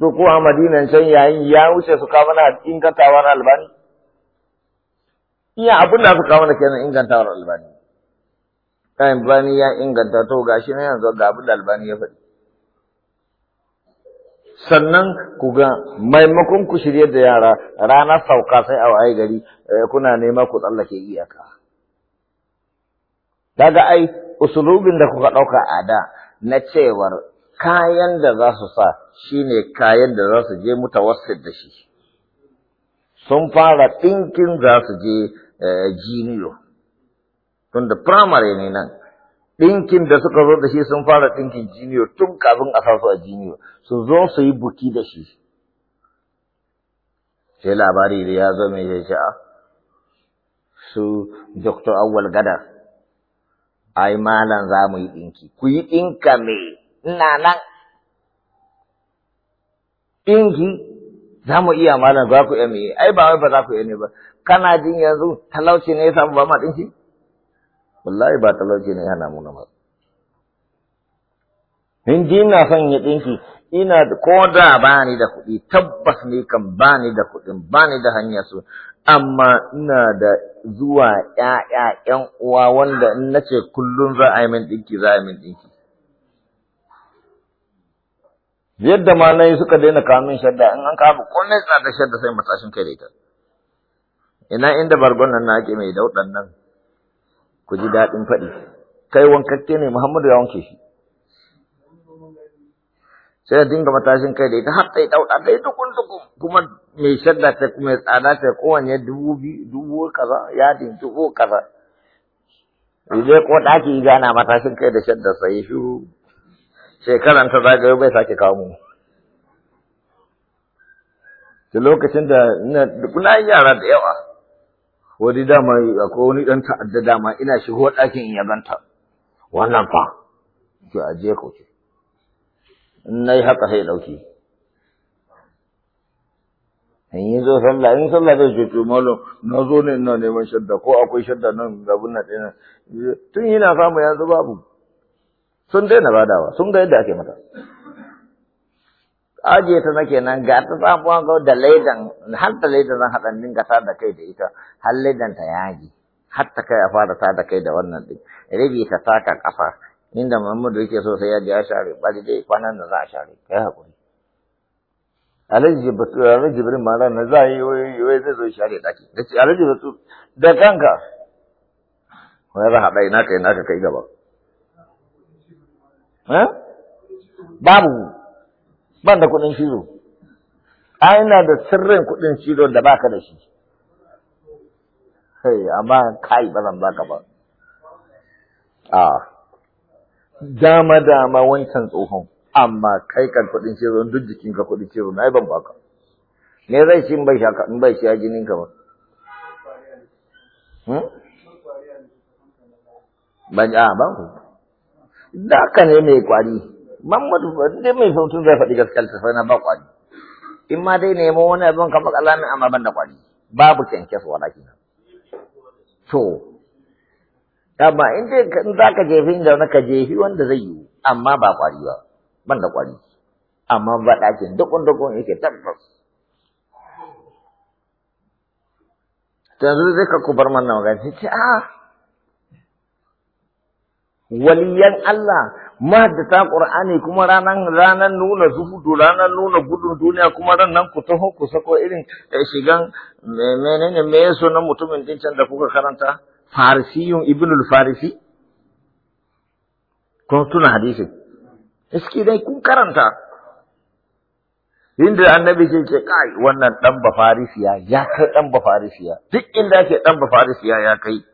to ko a madinan can yayin ya wuce su kawo mana ingantawar albani iya abin da su kawo mana kenan ingantawar albani albani ya inganta to gashi na yanzu ga abin da albani ya faɗi sannan ku ga maimakon ku shirye da yara rana sauka sai a waye gari eh, kuna nema ku tsallake iyaka daga ai usulubin da kuka ɗauka a da na cewar kayan da za su sa shine kayan da za su je mutawassit da shi sun fara ɗinkin za su je jiniyo eh, tun da firamare ne nan ɗinkin da suka zo da shi sun fara ɗinkin jiniyo tun kafin a sasu a jiniyo su zo su yi buki da shi sai labari da ya zo mai sha'a ah, su Dr. Awal Gada ai malam za mu yi ɗinki ku yi ɗinka me ina nan ɗinki za mu iya malam za ku iya mu ai ba wai ba za ku iya ne ba kana jin yanzu talauci ne ya samu ba ma ɗinki wallahi ba talauci ne yana muna na ba in ji ina son ya ɗinki ina ko da ba ni da kuɗi tabbas ne kan ba ni da kuɗi, ba ni da hanyar su amma ina da zuwa ‘ya'ya ‘yan uwa wanda in nace ce kullum za a yi min ɗinki za a yi min ɗinki yadda ma na yi suka daina kamin shadda in an kawo kullum na da shadda sai matashin kai da ita ina inda bargon nan na ake mai daudan nan ku ji daɗin faɗi kai wankakke ne muhammadu ya wanke shi sai dinga matashin kai da ita har sai dauda da ita kun tukun kuma mai shadda ta kuma tsada ta kowane dubu biyu dubu kaza ya dubu kaza. Ije ko daki gana matashin kai da shadda sai shiru shekaran ta zagayo bai sake kawo mu da lokacin da ina na yara da yawa wani dama akwai wani dan ta'adda dama ina shigo ɗakin in ya wannan fa to a je kauce in nai haka sai ɗauki in yi zo sallah in sallah zai ce to malo na zo ne ina neman shadda ko akwai shadda nan abin na ɗaya tun yana samu yanzu babu sun daina badawa sun ga yadda ake mata ajiye ta nake nan ga ta tsamuwa ga da laidan har da laidan zan haɗa ga ta da kai da ita har laidan ta yagi har ta kai a fara ta da kai da wannan ɗin rabi ta taka ƙafa inda Muhammadu yake so sai ya je ya share da dai kwanan da za a share kai hakuri Alhaji Alhaji Jibrin ma na za yi yoyi zai zo share daki alaji Basu da kanka wai za a haɗa ina kai ina ka kai gaba Eh? babu ban da kuɗin shiro A ina da sirrin kuɗin shiro da baka da shi hey amma kai ba zan baka ba a dama dama wancan tsohon amma kai kan kuɗin shiro duk jikin ka kuɗin shiro na ban baka me zai shi in bai shaka in bai shi a jinin ka ba hmm? ban a ban ku da ka ne mai kwari Muhammadu dai mai sautin zai faɗi gaskiyar tafai na ba kwari in ma dai nemo wani abin kamar alamin amma ban da kwari babu kyankyas laki na to amma in dai in za ka jefi inda wani ka jefi wanda zai yi amma ba kwari ba ban da kwari amma ba ɗakin dukun dukun yake tabbas yanzu zai ka kubar mana magana ce a ah, waliyan Allah mahaddata Qur'ani kuma ranan ranan nuna zuhudu ranan nuna gudun duniya kuma ranan ku taho ku sako irin eh, shigan menene me yaso na mutumin din can da kuka karanta Farisiyun Ibnul al-Farisi ko tuna hadisi iski dai kun karanta inda annabi ke ce kai wannan dan farisiya ya kai dan farisiya. duk inda ke dan farisiya ya kai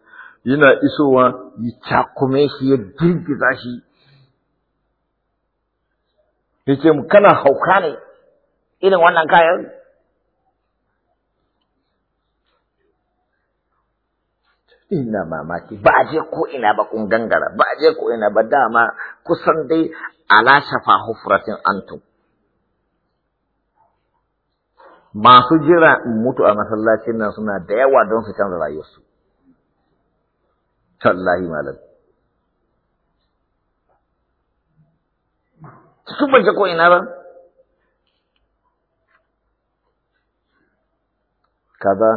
yana isowa ya takume shi ya girgiza shi ya ce kana hauka ne irin wannan kayan ina mamaki ba a je ko ina ba kun gangara ba a je ko ina ba dama kusan dai ala shafa hufratin antum masu jira mutu a masallacin nan suna da yawa don su canza rayuwarsu tallahi malam su ban ko ina ba kaza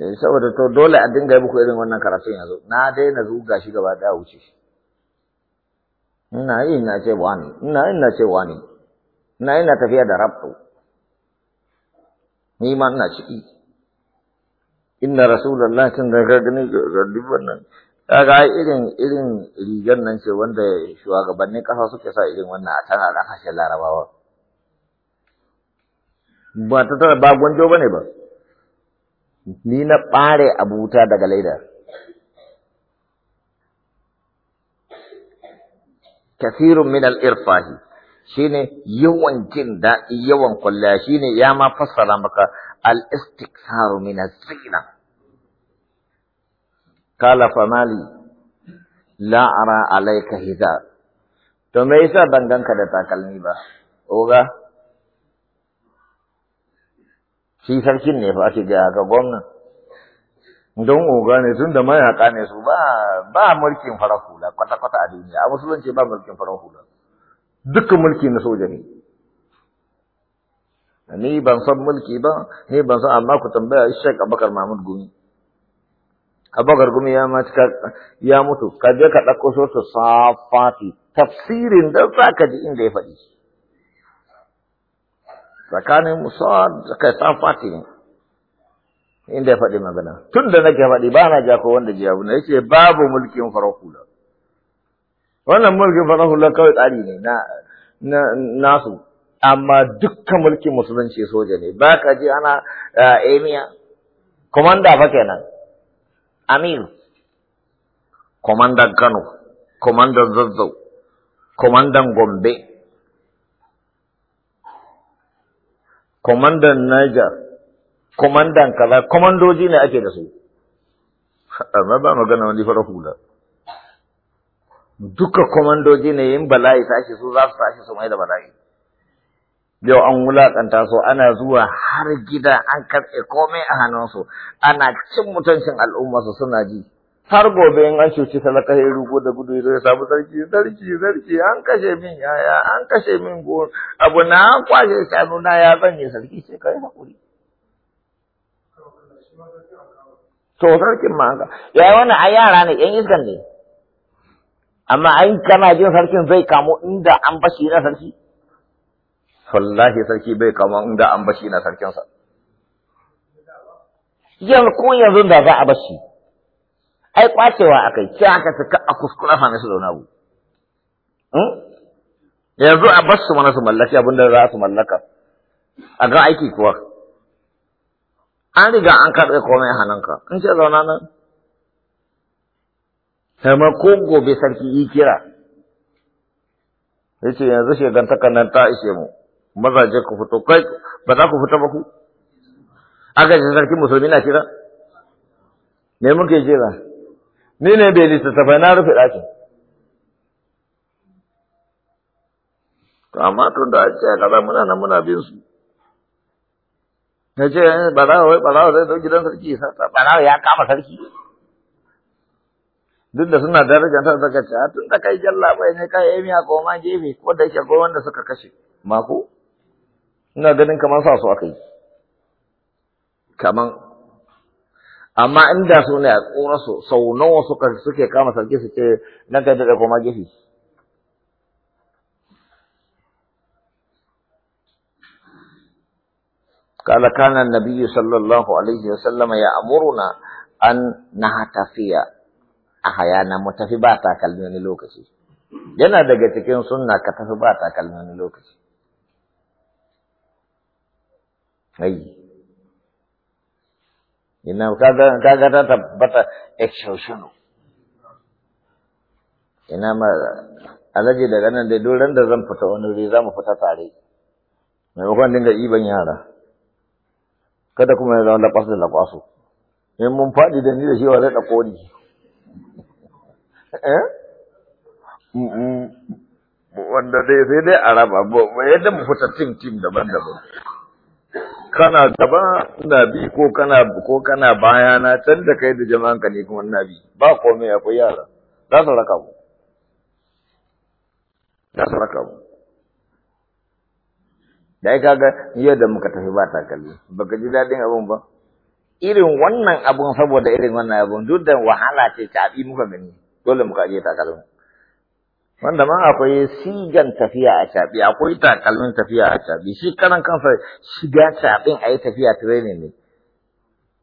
eh, saboda to dole a dinga yi muku irin wannan karatun yanzu na daina zuga shi gaba da wuce ina yi ina ce wani ina yi ina ce wani ina yi ina tafiya da rabu ni ma ina ciki inna rasulullahi tun ga ka gani ga nan kaga irin irin rigar nan ce wanda shugabannin ƙasa suke sa irin wannan a can a ƙasashen larabawa ba ta tara ba gwanjo bane ba ni na ɓare abuta daga laida kasirun min al-irfahi shine yawan jin daɗi yawan kwalliya shine ya ma fassara maka al-istiksaru min az-zina kala famali la ara alaika hiza to me yasa ban ganka da takalmi ba oga shi sarkin ne fa ake ga ga gonga don oga ne tun da mayaka ne su ba ba mulkin farar hula kwata kwata a duniya a musulunci ba mulkin farar hula dukkan mulki na soja ne ni ban san mulki ba ni ban san amma ku tambaya shek Abakar Mahmud Gumi abubakar kuma ya mutu ya mutu ka je ka ɗauko sosu safati tafsirin da za ka ji inda ya faɗi tsakanin musa da kai safati ne inda ya faɗi magana tun da nake faɗi ba na ja ko wanda ji abu na yace babu mulkin farahula wannan mulkin farahula kawai tsari ne na nasu amma dukkan mulkin musulunci soja ne ba ka ji ana eh, emiya komanda fa kenan Amin, komandan Kano, komandan Zazzau, komandan Gombe, komandan Niger, komandan kaza, komandoji ne ake da su. Amma ba magana wani fara hula. Duka komandoji ne yin bala'i tashi su za su tashi su mai da bala'i. yau an wulaƙanta su ana zuwa har gida an katse komai a hannunsu ana cin mutuncin al'ummarsu suna ji har gobe in an cuci talaka ya rugo da gudu ya samu sarki sarki sarki an kashe min yaya an kashe min gon abu na an kwashe shanu na ya zan yi sarki sai kai hakuri to sarkin ma haka yayi wannan ai yara ne yan iskan ne amma ai kana jin sarkin zai kamo inda an bashi na sarki wallahi sarki bai kama in da an bashi ina sarkinsa Yan ko yanzu da za a bashi ai kwacewa akai Ki aka saka a kuskura fa nasu zauna wani hmm? yanzu a bashi mana su mallaki abin da za su mallaka a ga aiki kuwa an riga an karɓe komai hannunka in ce zauna nan sama ko gobe sarki yi kira yace yanzu shegantakan nan ta ishe mu mazaje ku fito kai ba za ku fita ba ku aka ce sarki musulmi na kira me muke jira ni ne bai littattafai na rufe ɗakin to amma tun da ake a kaza muna nan muna bin su na ce barawa eh, wai barawa zai dau gidan sarki sata barawa ya kama sarki duk da suna daraja ta daga ce ah, tun da kai jalla bai ne kai emiya koma gefe ko da yake ko wanda suka kashe mako ina ganin kamar sa su aka yi kaman amma inda su ne a tsora su sau nawa suka suke kama sarki su ce nan ta da koma gefe قال كان النبي صلى الله عليه وسلم يأمرنا أن نهتفي أحيانا متفي كلمة لوكسي yana daga cikin sunna ka tafi ba takalmi lokaci kai ina kaga kaga ta tabbata exhaustion ina ma alaji daga nan dai, doran da zan fita wani wuri zamu fita tare Mai maimakon dinga iban yara kada kuma ya zama lakwas da lakwasu in mun faɗi da ni da shi wa zai ɗauko ni eh? wanda dai sai dai a raba yadda mu fita tim tim daban-daban kana gaba ina bi ko kana ko kana baya na can da kai da jama'an ka ne kuma ina bi ba komai akwai yara za su raka mu za su raka mu dai kaga yau da muka tafi ba takalmi baka ji daɗin abun ba irin wannan abun saboda irin wannan abun duk da wahala ce ta abi muka gani dole muka je takalmi wanda ma akwai sigan tafiya a caɓi akwai takalmin tafiya a caɓi shi kanan kansa shiga caɓin a yi tafiya training ne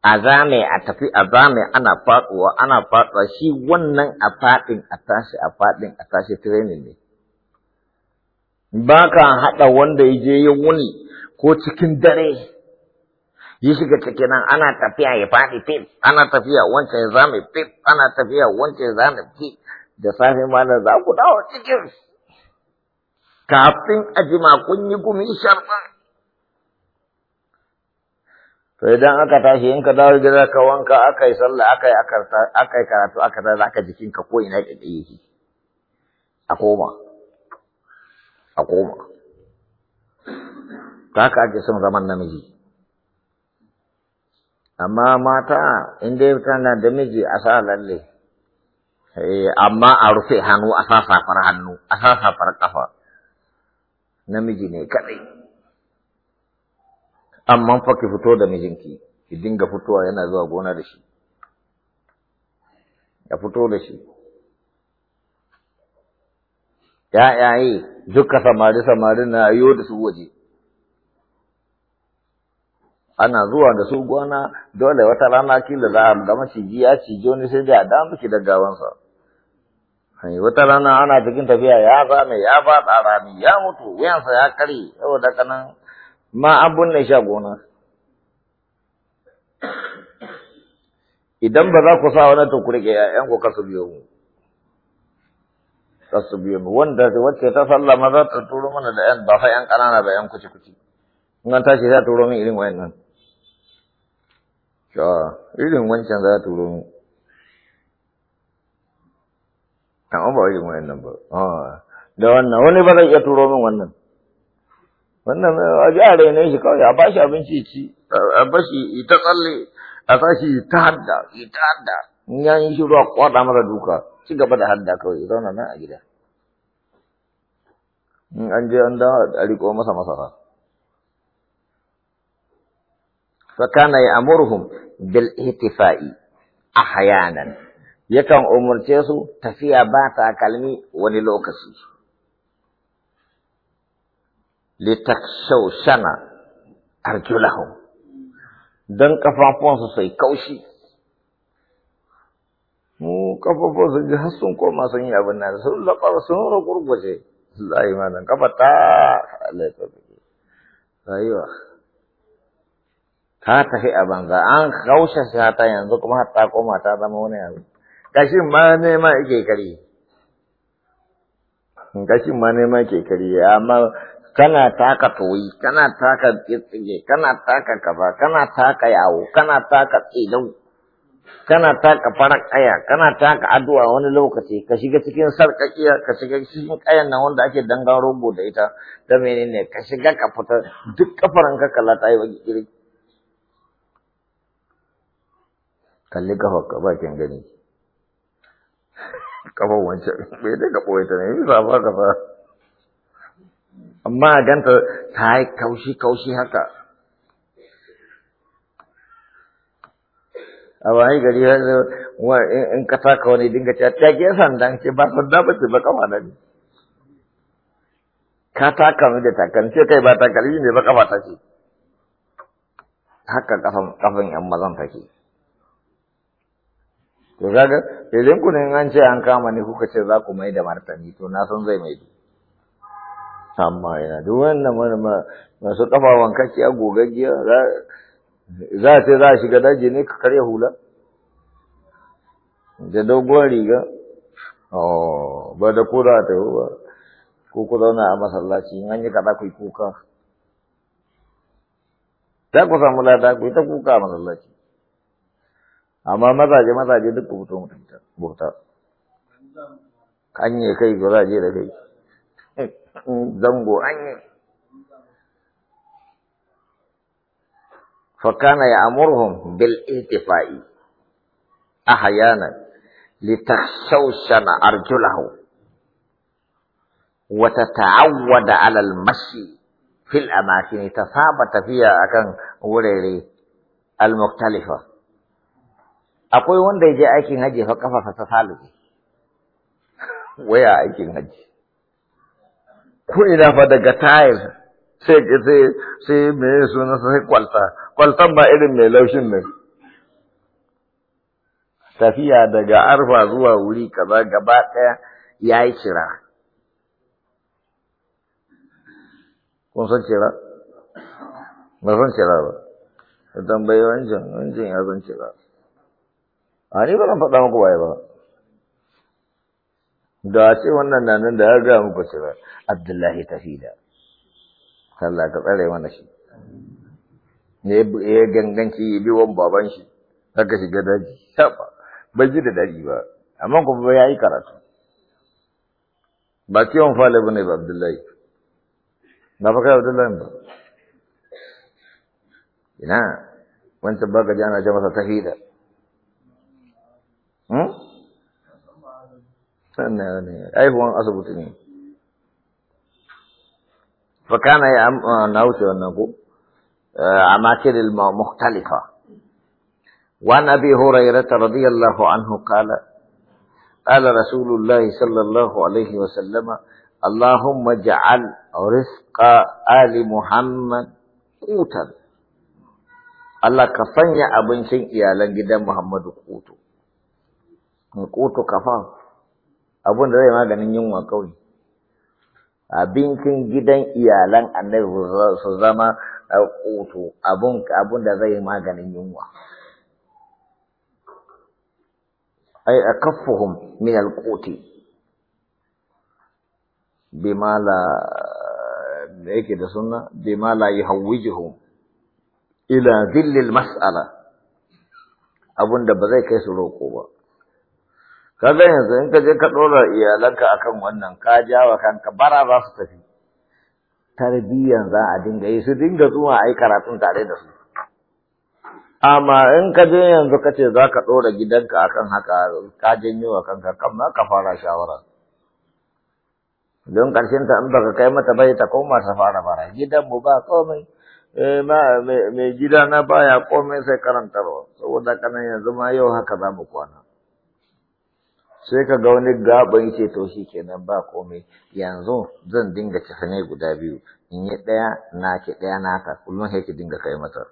a zame a tafi a zame ana faɗuwa ana faɗuwa shi wannan a faɗin a tashi a faɗin a tashi training ne ba ka haɗa wanda ya je ya wuni ko cikin dare ya shiga cikin nan ana tafiya ya faɗi pip ana tafiya wancan ya zame pip ana tafiya wancan ya zame pip da safe malam za ku dawo cikin kafin jima kun yi gumi sharba to idan aka tashi in ka dawo gida ka wanka aka yi sallah aka yi aka yi karatu aka yi za ka jikinka ko ina ɗaya yake a koma a koma ta haka ake son zaman namiji amma mata in dai tana da miji a sa lalle Eh, amma a rufe hannu a sa safar hannu a sa safar kafa namiji ne kadai amma fa ki fito da mijinki ki dinga fitowa yana zuwa gona da shi ya fito da shi yayi duka samari samari na ayo da su waje ana zuwa da su gona dole wata rana kila za a ga jiya ya cijo ne sai da a damu ki da gawansa Eh, wata rana ana cikin tafiya ya zame ya faɗa rami ya mutu wuyansa ya karye saboda kanan ma an binne sha gona idan ba za ku sa wani to kurke ƴaƴan ku kasu biyo mu kasu biyo mu wanda wacce ta sallah ma za ta turo mana da ƴan ba fa ƴan ƙanana ba ƴan kuci kuci in an tashi za ta turo min irin wayannan to irin wancan za ta turo min amma ba irin wannan ba da wannan wani ba zai iya turo min wannan wannan a ji a raine shi kawai a bashi abinci ci a bashi ta tsalle a sashi ta hadda ta hadda in ya yi shi ruwa kwada mara duka ci gaba da hadda kawai zauna nan hmm, a gida in an je an dawo a riko masa masara fa kana amurhum bil ihtifa'i ahyanan yakan umarce su tafiya ba takalmi wani lokaci. Litakshaushana arjulahu don ƙafafuwansu sai kaushi. Mu su ji har sun koma sun yi abin nan sun laɓar sun ragurguje. Zai ma nan kafa ta rayuwa. Ka tafi a banza an kaushe ta yanzu kuma har ta koma ta zama wani abu. gashin ma nema yake kari gashin ma nema yake kari amma kana taka toyi kana taka tsige kana taka kafa kana taka yawo kana taka tsidau kana taka farar kaya kana taka addu'a wani lokaci ka shiga cikin sarkakiya ka shiga cikin kayan nan wanda ake dangan rogo da ita da menene ka shiga ka fita duk kafaran ka kalla ta yi wa kalli ka bakin gani kafan wancan bai daga ɓoye ta ne yi safa kafa amma a ganta ta yi kaushi kaushi haka a bayan gari in ka taka wani dinga ta ta ke sandan ce ba sanda ba ce ba kama na ni ka taka mu da takalmi ce kai ba takalmi ne ba kafa ta ce haka kafan yan mazan take. to kaga idan ku ne an ce an kama ni kuka ce za ku mai da martani to na san zai mai amma yana duk wannan marma masu kafa wankaki a gogaggiya za a ce za a shiga daji ne ka karya hula da dogon riga oh ba da kura ta yi ba ko ku zauna a masallaci in an yi kaza ku yi kuka za ku samu lada ku yi ta kuka a masallaci amma mazaje mazaje duk ku fito mutum ta bauta an yi kai ba je da kai zango an yi fakana ya amurhum bil intifa'i ahyana litakhshawshana arjulahu wa tata'awwada 'ala al-mashi fil amakin tasaba tafiya akan wurare al-mukhtalifa akwai wanda ya je aikin haji fa kafa ta salube waya aikin haji ko ina fa daga tayar sai sai sai me suna sai kwalta kwaltan ba irin mai laushin nan tafiya daga arfa zuwa wuri kaza gaba daya yayi kira kun san kira ba san kira ba tambayi wancan wancan ya san kira a ni ba zan faɗa muku waye ba da ce wannan na nan da ya gaya muku cewa abdullahi tafida Allah ka tsare mana shi ya yi ganganci ya bi wani baban shi aka shiga daji saba bai ji da daji ba amma kuma ya yi karatu ba kiwon fale ba ne ba abdullahi na fa kai abdullahi ba ina wancan baka ji ana ce masa tafida أي هو أسبوتيني فكان يا أم آه، ناوتي ونقو آه، أماكن المختلفة وعن أبي هريرة رضي الله عنه قال قال رسول الله صلى الله عليه وسلم اللهم اجعل رزق آل محمد قوتا الله كفن يا أبن سين محمد قوتو ƙoto kafa abin da zai maganin yunwa kawai abincin gidan iyalan annabi su zama ƙoto abin da zai maganin yunwa ai a kafuhum min alƙoti bima la da yake da suna bima la yuhawwijuhum ila zillil mas'ala abun da ba zai kai su roƙo ba Ka kaga yanzu in ka je ka ɗora iyalanka a kan wannan ka ja wa kanka bara za su tafi tarbiyyan za a dinga yi su dinga zuwa a yi karatun tare da su amma in ka je yanzu ka ce za ka ɗora gidanka a kan haka ka janyo wa kanka kam na ka fara shawara don ƙarshen ta in baka kai mata bai ta koma ta fara bara gidan mu ba komai eh, mai gida na baya komai sai karantarwa saboda kanan yanzu ma yau haka za mu kwana sai ka ga wani gaban ce to shi kenan ba komai yanzu zan dinga cefane guda biyu in yi ɗaya na ke ɗaya naka kullum sai ki dinga kai mata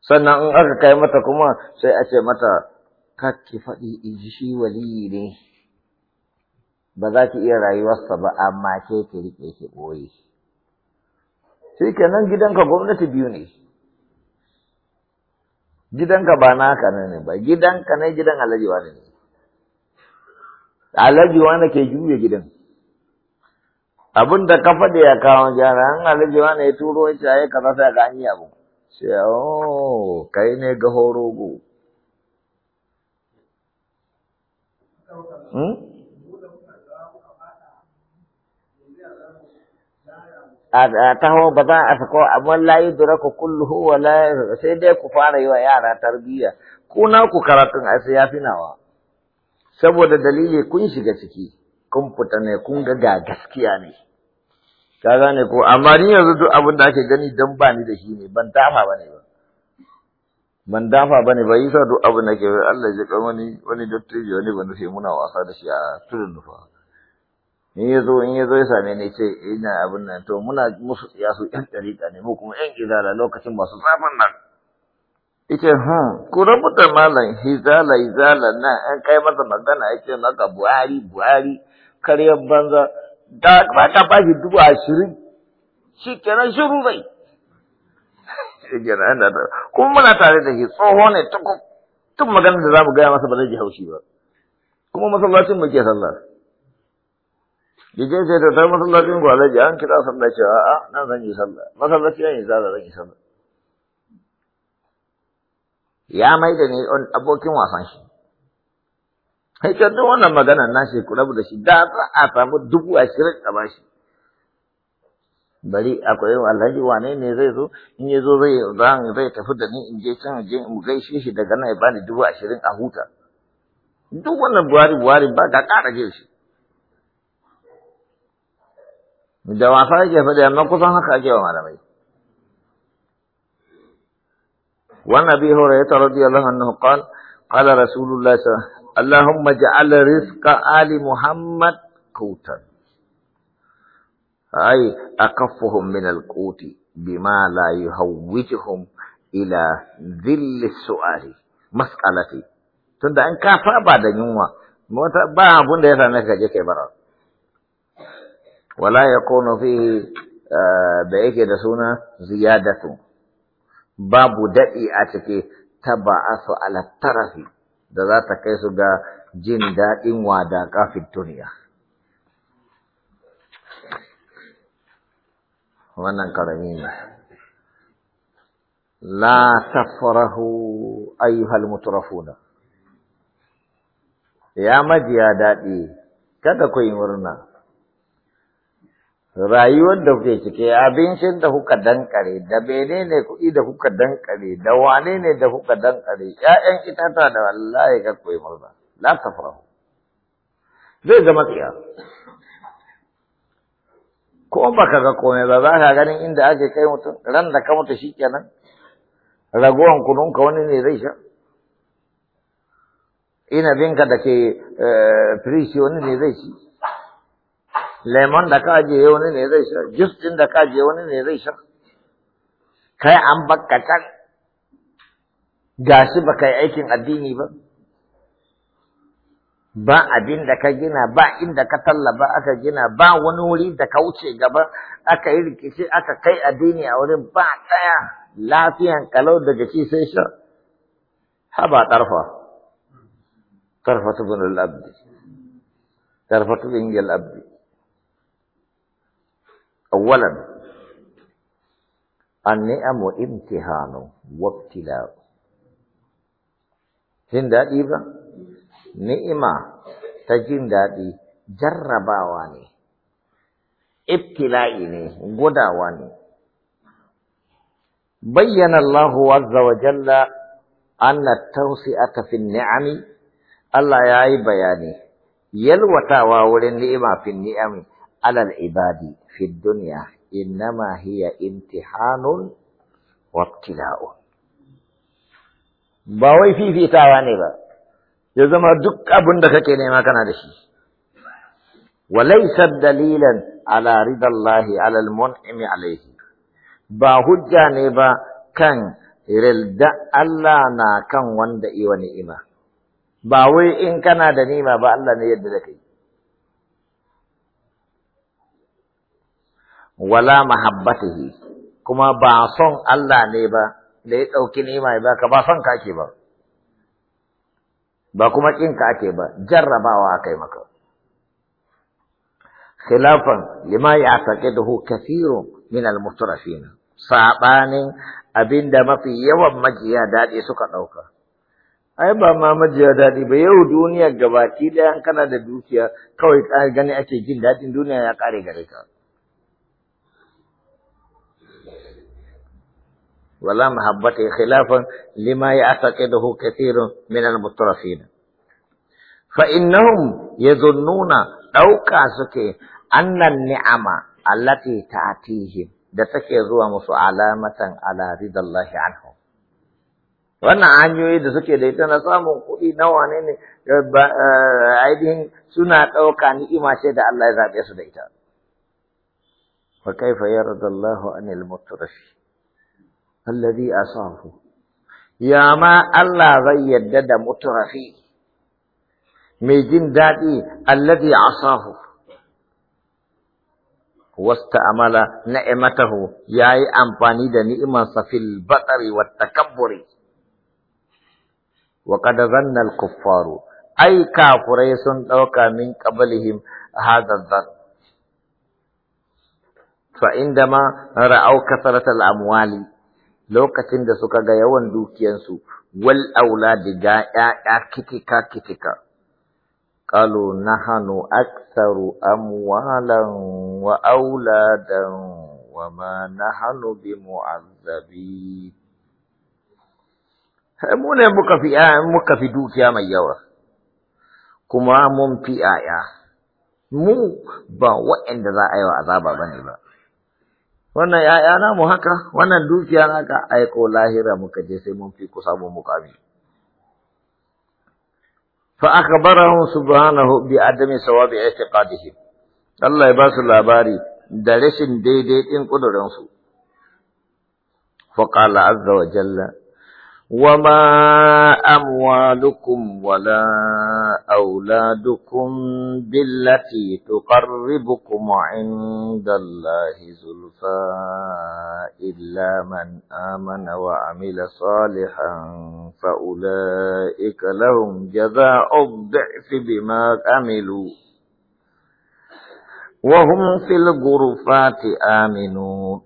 sannan in aka kai mata kuma sai a ce mata ki faɗi in ji shi waliyi ne ba za ki iya rayuwarsa ba amma ke ki riƙe ki ɓoye shi kenan gidanka gwamnati biyu ne gidanka ba naka ne ba gidanka ne gidan alhaji wani ne alhaji wani ke juya gidan abin da ka faɗi ya kawo gyara an alhaji wani ya turo ya ya kaza sai ga an yi abu oh, kai ne ga hmm? a taho ba za a sako amma la yudraku kulluhu wa la sai dai ku fara yi wa yara tarbiyya ku na ku karatun a sai yafi nawa saboda dalili kun shiga ciki kun fita ne kun ga ga gaskiya ne ka gane ko amma ni yanzu duk abin da ake gani dan ba ni da shi ne ban dafa bane ba ban dafa bane ba yasa duk abin da ke Allah ya ji wani wani dattijo wani ba sai muna wasa da shi a tudun nufa in ya zo in ya zo ya same ni ce ina abin nan to muna musu tsiya su ƴan ne mu kuma ƴan izala lokacin masu tsafin nan yace hmm ku rubuta malam hizala hizala na an kai masa magana yace maka buhari buhari karyar banza da ba ta ba shi dubu ashirin shi kenan shiru zai kuma muna tare da shi tsoho ne tukun tun maganar da za mu gaya masa ba zai ji haushi ba kuma masallacin mu ke sallah ki je ce ta masallacin ku an kira sallah ce a nan zan yi sallah masallaci yan yi izala zan yi sallah ya mai da ne abokin wasan shi kai ka duk wannan magana na shi ku rabu da shi da za a samu dubu ashirin a bashi bari akwai alhaji wane ne zai zo in ya zo zai zai tafi da ni in je can je in gaishe shi daga nan ya bani dubu ashirin a huta duk wannan buhari buhari ba da ƙara jin shi da wasa yake faɗi amma kusan haka ake wa malamai وعن ابي هريره رضي الله عنه قال قال رسول الله صلى الله عليه وسلم اللهم اجعل رزق ال محمد قوتا اي اقفهم من القوت بما لا يهوجهم الى ذل السؤال مسالتي تند ان ka بعد da yunwa با abun da ya same wala ya kono fi da yake da suna ziyadatu babu daɗi a ciki ta ba ba'asu ala alattarafi da za ta kai su ga jin daɗin wada kafin duniya wannan karami ne la farahu ayyuhal mutrafuna ya majiya daɗi kada ku yi murna rayuwar da kuke cike abincin da kuka dankare da ne kuɗi da kuka dankare da wane ne da kuka dankare ƴaƴan itata da wallahi ka koyi murna la tafrahu zai zama tsiya ko baka ga komai ba za ka ganin inda ake kai mutum ran da ka mutu shikenan ragowan kununka wani ne zai sha inabinka da ke eh, firisi wani ne zai ci lemon da ka ajiye wani ne zai sha jus din da ka ajiye wani ne zai sha kai an bakkata can gashi ba kai aikin addini ba ba abin da ka gina ba inda ka tallaba aka gina ba wani wuri da ka wuce gaba aka yi rikici aka kai addini a wurin ba tsaya lafiyan kalau daga ci sai sha haba tarfa tarfa tubun al-abdi tarfa tubun al-abdi أولا النعم امتحان وابتلاء jin daɗi ba ni'ima ta jin daɗi jarrabawa ne ibtila'i ne gudawa ne bayyana Allah wa jalla anna tawsi'ata fi ni'ami Allah ya yi bayani yalwatawa wurin ni'ima fi ni'ami على العباد في الدنيا إنما هي امتحان وابتلاء ba wai fifitawa ne ba ya zama duk abin da kake nema kana da shi walaisa dalilan ala ridallahi ala almun'imi alaihi ba hujja ne ba kan rilda Allah na kan wanda iwa ni'ima ba wai in kana da ni'ima ba Allah ne yadda da kai wala mahabbatihi kuma ba son Allah ne ba da ya ɗauki ni'ima ba ka ba son ka ake ba ba kuma ƙin ka ake ba jarrabawa akai maka khilafan lima hu kathirun min al-muhtarifin sabanin abinda mafi yawan majiya dadi suka ɗauka. ai ba ma majiya daɗi ba yau duniya gabaki ɗaya kana da dukiya kawai k'a gani ake jin daɗin duniya ya ƙare gare ka ولا محبته خلافا لما يعتقده كثير من المترفين فإنهم يظنون أو كاسك أن النعمة التي تأتيهم دتك يزوى مسو علامة على رضا الله عنهم wannan hanyoyi da suke da ita na samun kuɗi na wane ne ainihin suna ɗauka ni'ima ce da Allah ya zaɓe su da ita. Fa kaifa Allahu الذي أصابه يا ما الله غيدد مترفي ميجين دادي الذي أصافه واستعمل نعمته ياي أمباني دا نعمة في البطر والتكبر وقد ظن الكفار أي كافريس أوكا من قبلهم هذا الظن فعندما رأوا كثرة الأموال lokacin da suka ga yawan dukiyansu wal aula ga ƴaƴa kitika kitika kalu nahanu aktsaru amwalan wa auladan wa ma nahanu bimu'azzabi mu ne muka fi muka fi dukiya mai yawa kuma mun fi ƴaƴa mu ba waɗanda za a yi wa azaba bane ba wannan ‘ya'ya mu haka, wannan dukiya naka aiko lahira muka je sai mun fi kusa samu mukami. Fa akhbarahum subhanahu bi adami sawabi i'tiqadihi. Allah ya ba su labari da rashin daidai ɗin ƙudurinsu. Fa qala azza wa jalla وما أموالكم ولا أولادكم بالتي تقربكم عند الله زلفى إلا من آمن وعمل صالحا فأولئك لهم جزاء الضعف بما عملوا وهم في الغرفات آمنون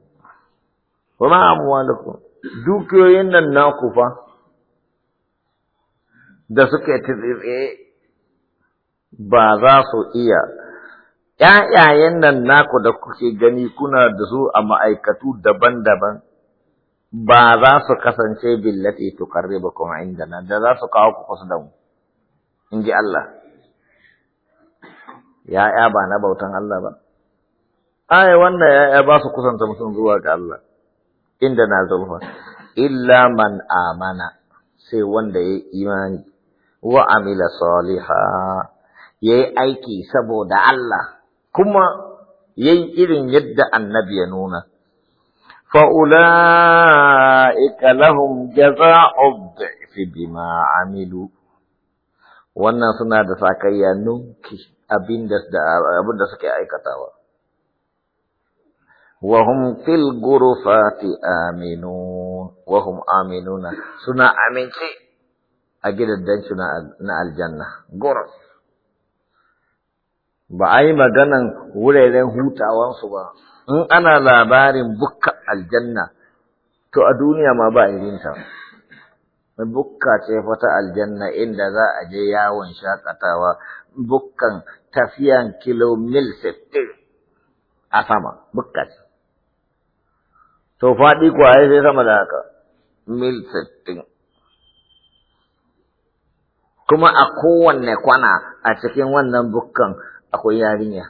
وما أموالكم dukiyoyin nan naku fa da suka tsitse ba za su iya ‘Ya'yayen nan naku da kuke gani kuna da su a ma'aikatu daban-daban ba za su kasance billati tukarre ba kuma inda nan da za su kawo ku kusa da mu, in ji Allah. ‘Ya'ya ba na bautan Allah ba, ai wannan ‘ya'ya ba su kusanta mutum zuwa ga Allah. inda na zulfa illa man amana sai wanda ya imani wa amila saliha ya yi aiki saboda Allah kuma ya yi irin yadda annabi ya nuna fa'ula'ika lahum jaza'ub fi bima amilu wannan suna da sakayya nunki abin da suke aikatawa Wahum fil gurufati aminun. Wahum Suna amin si. Agidat dan suna na aljannah. Ba a yi maganan wuraren hutawansu ba. In ana labarin bukka aljanna, to a duniya ma ba irinta. Bukka ce fata aljanna inda za a je yawon shakatawa, bukkan tafiyan kilomil 50 a sama, bukka ce. to faɗi kuwa ai sai sama da haka mil sittin kuma a kowanne kwana a cikin wannan bukkan akwai yarinya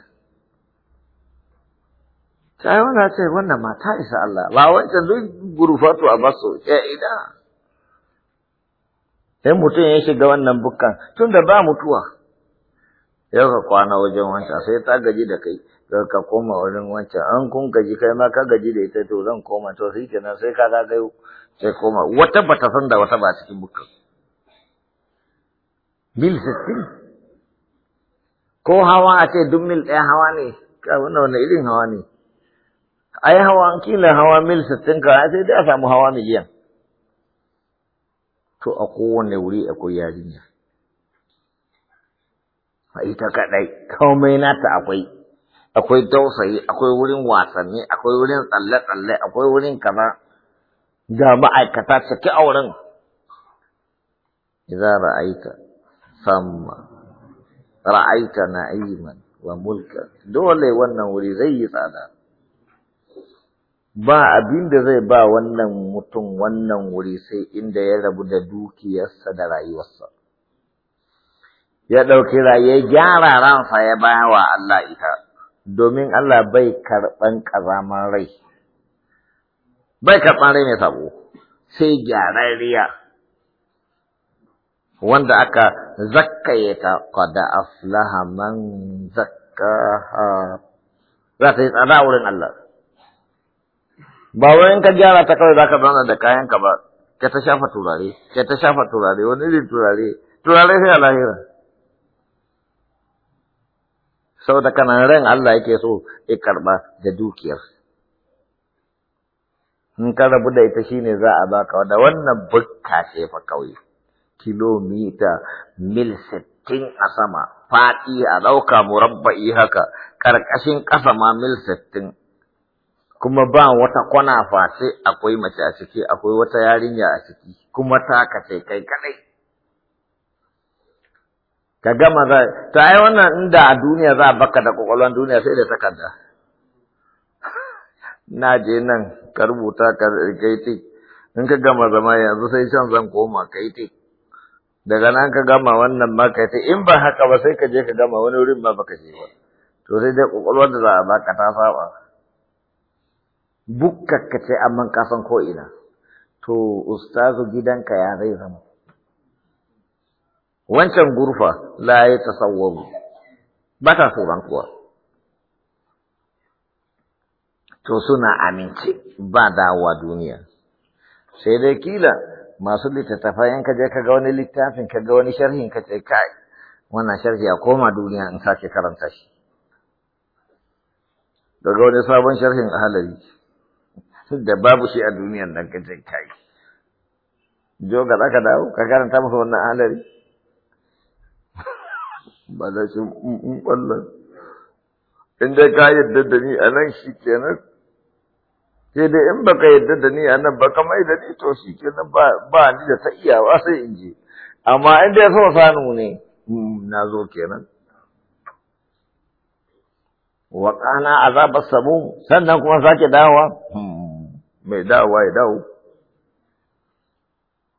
ta yi wanda ce wannan mata isa Allah ba wancan duk gurufatu a basu ya ida sai mutum ya shiga wannan bukkan tun da ba mutuwa yau kwana wajen wancan sai ta gaji da kai ka koma wurin wancan an kun gaji kai ma ka gaji da ita to zan koma to sai kenan sai ka zagayo sai koma wata bata san da wata ba cikin bukkan mil sittin ko hawa a ce duk mil ɗaya hawa ne ka wannan wannan irin hawa ne ai hawa kila hawa mil sittin ka sai dai a samu hawa miliyan to a kowane wuri akwai yarinya a ita kaɗai komai nata akwai akwai dausayi akwai wurin wasanni akwai wurin tsalle-tsalle akwai wurin kaza ga ma'aikata cike a wurin idza ra'aita samma ra'aita na'iman wa mulka dole wannan wuri zai yi tsada ba abin da zai ba wannan mutum wannan wuri sai inda ya rabu da dukiyarsa da rayuwarsa ya ɗauki raye gyara ransa ya baya wa Allah ita domin Allah bai karɓan ƙazaman rai, bai karɓan rai mai sabo, sai gyararriya wanda aka zakkaye ta kada aflaha man zakkaha za ta yi tsada wurin Allah. Ba wai in ka gyara ta kawai za ka zana da kayanka ba, ka ta shafa turare, ka ta shafa turare, wani irin turare, turare sai a lahira. sau da kanan ran Allah yake so ya karba da dukiyar in ka rabu da ita shine za a baka da wannan bukka ce fa kauye kilomita mil sittin a sama faɗi a ɗauka murabba'i haka ƙarƙashin ƙasa ma mil sittin kuma ba wata kwana face akwai mace a ciki akwai wata yarinya a ciki kuma ta kace kai kadai ka gama za ta ai wannan inda a duniya za a baka da kwakwalwan duniya sai da takarda na je nan ka rubuta ka kaiti in ka gama zama yanzu sai can zan koma kaiti daga nan ka gama wannan ma kaiti in ba haka ba sai ka je ka gama wani wurin ba baka je ba to sai dai kwakwalwar da za a baka ta saba bukkakka ce amman kasan ko ina to ustazu gidanka ya zai zama wancan gurfa la ya tasawwaru ba ta tsoron kuwa to suna aminci ba dawa duniya sai dai kila masu littattafai in ka je ka ga wani littafin ka ga wani sharhin ka ce kai wannan sharhi a koma duniya in sake karanta shi daga wani sabon sharhin a halari da babu shi a duniyan nan ka ce kai jo ga za ka dawo ka karanta masa wannan halari ba da shi wallan in dai ka yadda da ni a nan shi kenan sai dai in baka yadda da ni a nan baka mai da ni to shi kenan ba ni da ta iyawa sai in je amma in dai so sanu ne mm, na zo kenan wa kana azabar samu sannan kuma sake dawa hmm, mai dawa ya dawo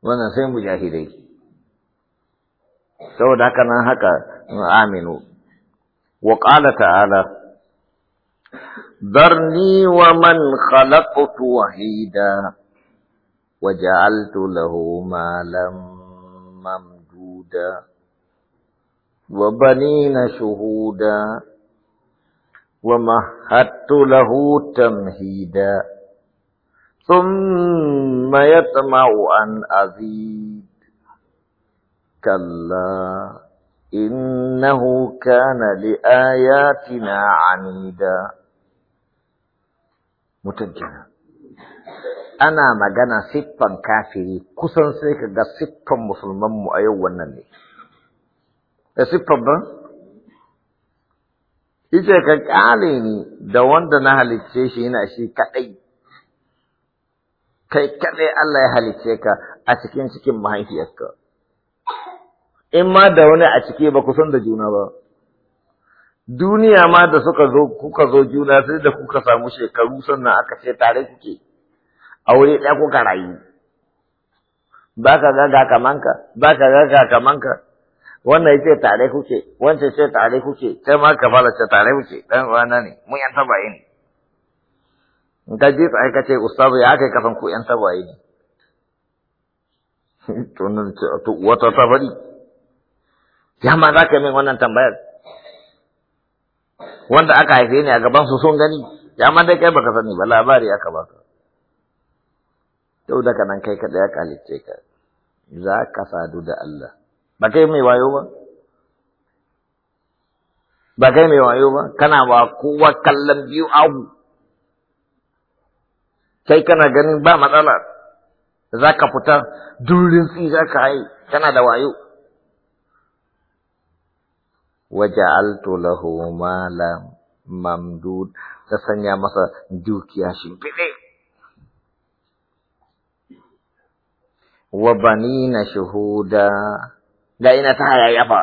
wannan sai mu mujahidai saboda haka nan haka aminu wa qala ta'ala darni wa man khalaqtu wahida wa ja'altu lahu malam mamduda wa banina shuhuda wa mahattu lahu tamhida ثم يطمع أن أزيد كلا إنه كان لآياتنا عنيدا Ana magana siffan سبا kusan كسن سيكا siffan musulman mu a ونني wannan. با Ice ka ƙyale ni da wanda na halicce shi yana shi kaɗai, kai kaɗai Allah ya halicce ka a cikin cikin mahaifiyarka. in ma da wani a ciki ba ku san da juna ba duniya ma da suka zo kuka zo juna sai da kuka samu shekaru sannan aka ce tare kuke aure ɗaya kuka rayu ba ka ga ka ba ka ga ka wannan ya ce tare kuke wancan ce tare kuke kai ma ka fara ce tare kuke ɗan uwana ne mun yan tabaye ne in ka ji sai ka ce ustazu ya kai yi ku yan tabaye ne to nan ce to wata ta faɗi ya ma za ka min wannan tambayar wanda aka haife ni a gaban su sun gani ya ma dai kai baka sani ba labari aka ba ka. yau daga nan kai kaɗai ya kalice ka za ka sadu da Allah ba kai mai wayo ba ba kai mai wayo ba kana wa kowa kallon biyu abu kai kana ganin ba matsala za ka fita durin tsi za ka haye kana da wayo waja'altu lahu malam mamdud ta sanya masa dukiya shimfiɗe wa banina shuhuda da ina ta hayayyafa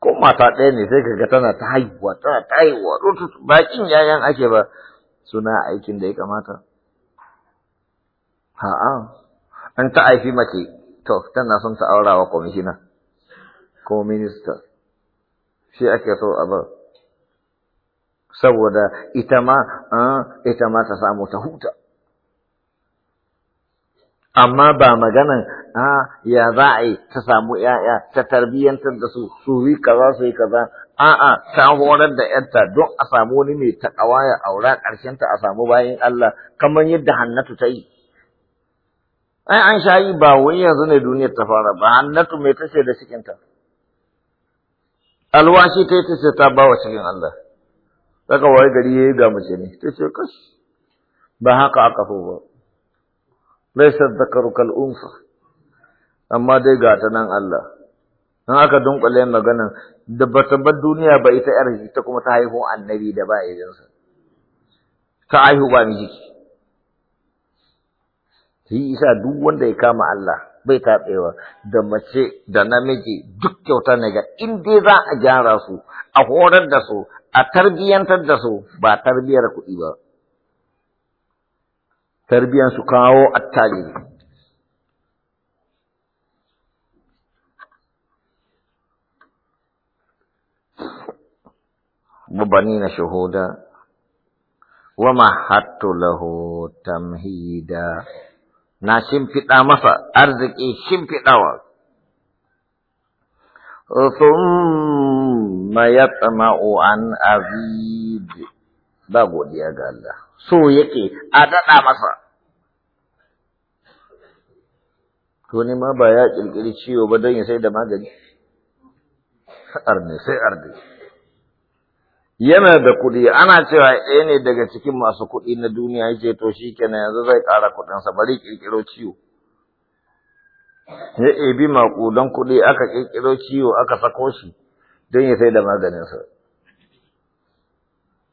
ko mata ɗaya ne sai kaga tana ta haihuwa tana ta haihuwa bakin yayan ake ba suna aikin da ya kamata a'a an ta aifi mace to tana son ta aura wa kwamishina ko minista shi ake so a bar saboda ita ma ita ma ta samu ta huta amma ba maganan a ya za a yi ta samu ‘ya'ya ta tarbiyyantar da su su yi kaza su yi kaza a'a ta horar da ‘yarta don a samu wani mai taƙawa ya aura ta a samu bayan Allah kamar yadda Hannatu ta yi. Ai an sha yi ba wani yanzu ne duniyar ta fara ba Hannatu mai tashe da cikinta. alwashi ta ta ce ta ba wa cikin Allah daga waye gari ya yi ga mace ne ta ce kashi. ba haka aka fi ba sa dhakaru kal unsa amma dai ga ta nan Allah in aka dunkule maganan da bata bar duniya ba ita yar ta kuma ta haihu annabi da ba irinsa ta haihu ba miji Yi isa duk wanda ya kama Allah bai taɓewa da mace da namiji duk kyauta ne ga in dai za a gyara su a horar da su a tarbiyantar da su ba tarbiyar kuɗi ba tarbiyan su kawo attali shahoda wa ومهدت lahu tamhida na shimfiɗa masa arziki shimfiɗawa. ya tsama an أزيد ba godiya ga Allah so yake a daɗa masa to ma ba ya ƙirƙiri ciwo ba don ya sai da magani sa'ar ne sai arde yana da kuɗi ana cewa ɗaya ne daga cikin masu kuɗi na duniya yake to shi kenan yanzu zai ƙara kuɗinsa bari ƙirƙiro ciwo ya ebi maƙudan kuɗi aka ƙirƙiro ciwo aka sako shi don ya sai da maganinsa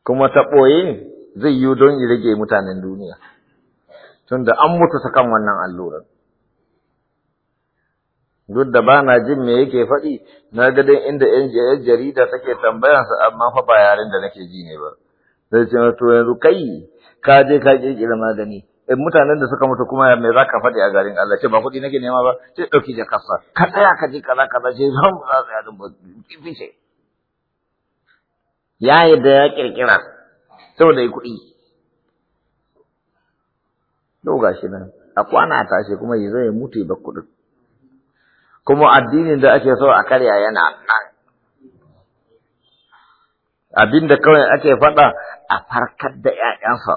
kuma ta ɓoye zai yi don ya rage mutanen duniya tunda an mutu ta kan wannan allurar duk da bana jin me yake faɗi na ga dai inda yan jarida take sa amma fa ba yaren da nake ji ne ba sai ce to yanzu kai ka je ka kirkira magani in mutanen da suka mutu kuma me za ka faɗi a garin Allah ce ba kuɗi nake nema ba ce ɗauki da kasa ka tsaya ka ji kaza kaza ce zan ba za tsaya ba kifi ce ya yadda ya kirkira saboda ya kuɗi yau gashi nan a kwana tashi kuma ya zo ya mutu ba bar kuɗin kuma addinin da ake so a karya yana nan abinda kawai ake faɗa a farkar da ‘ya'yansa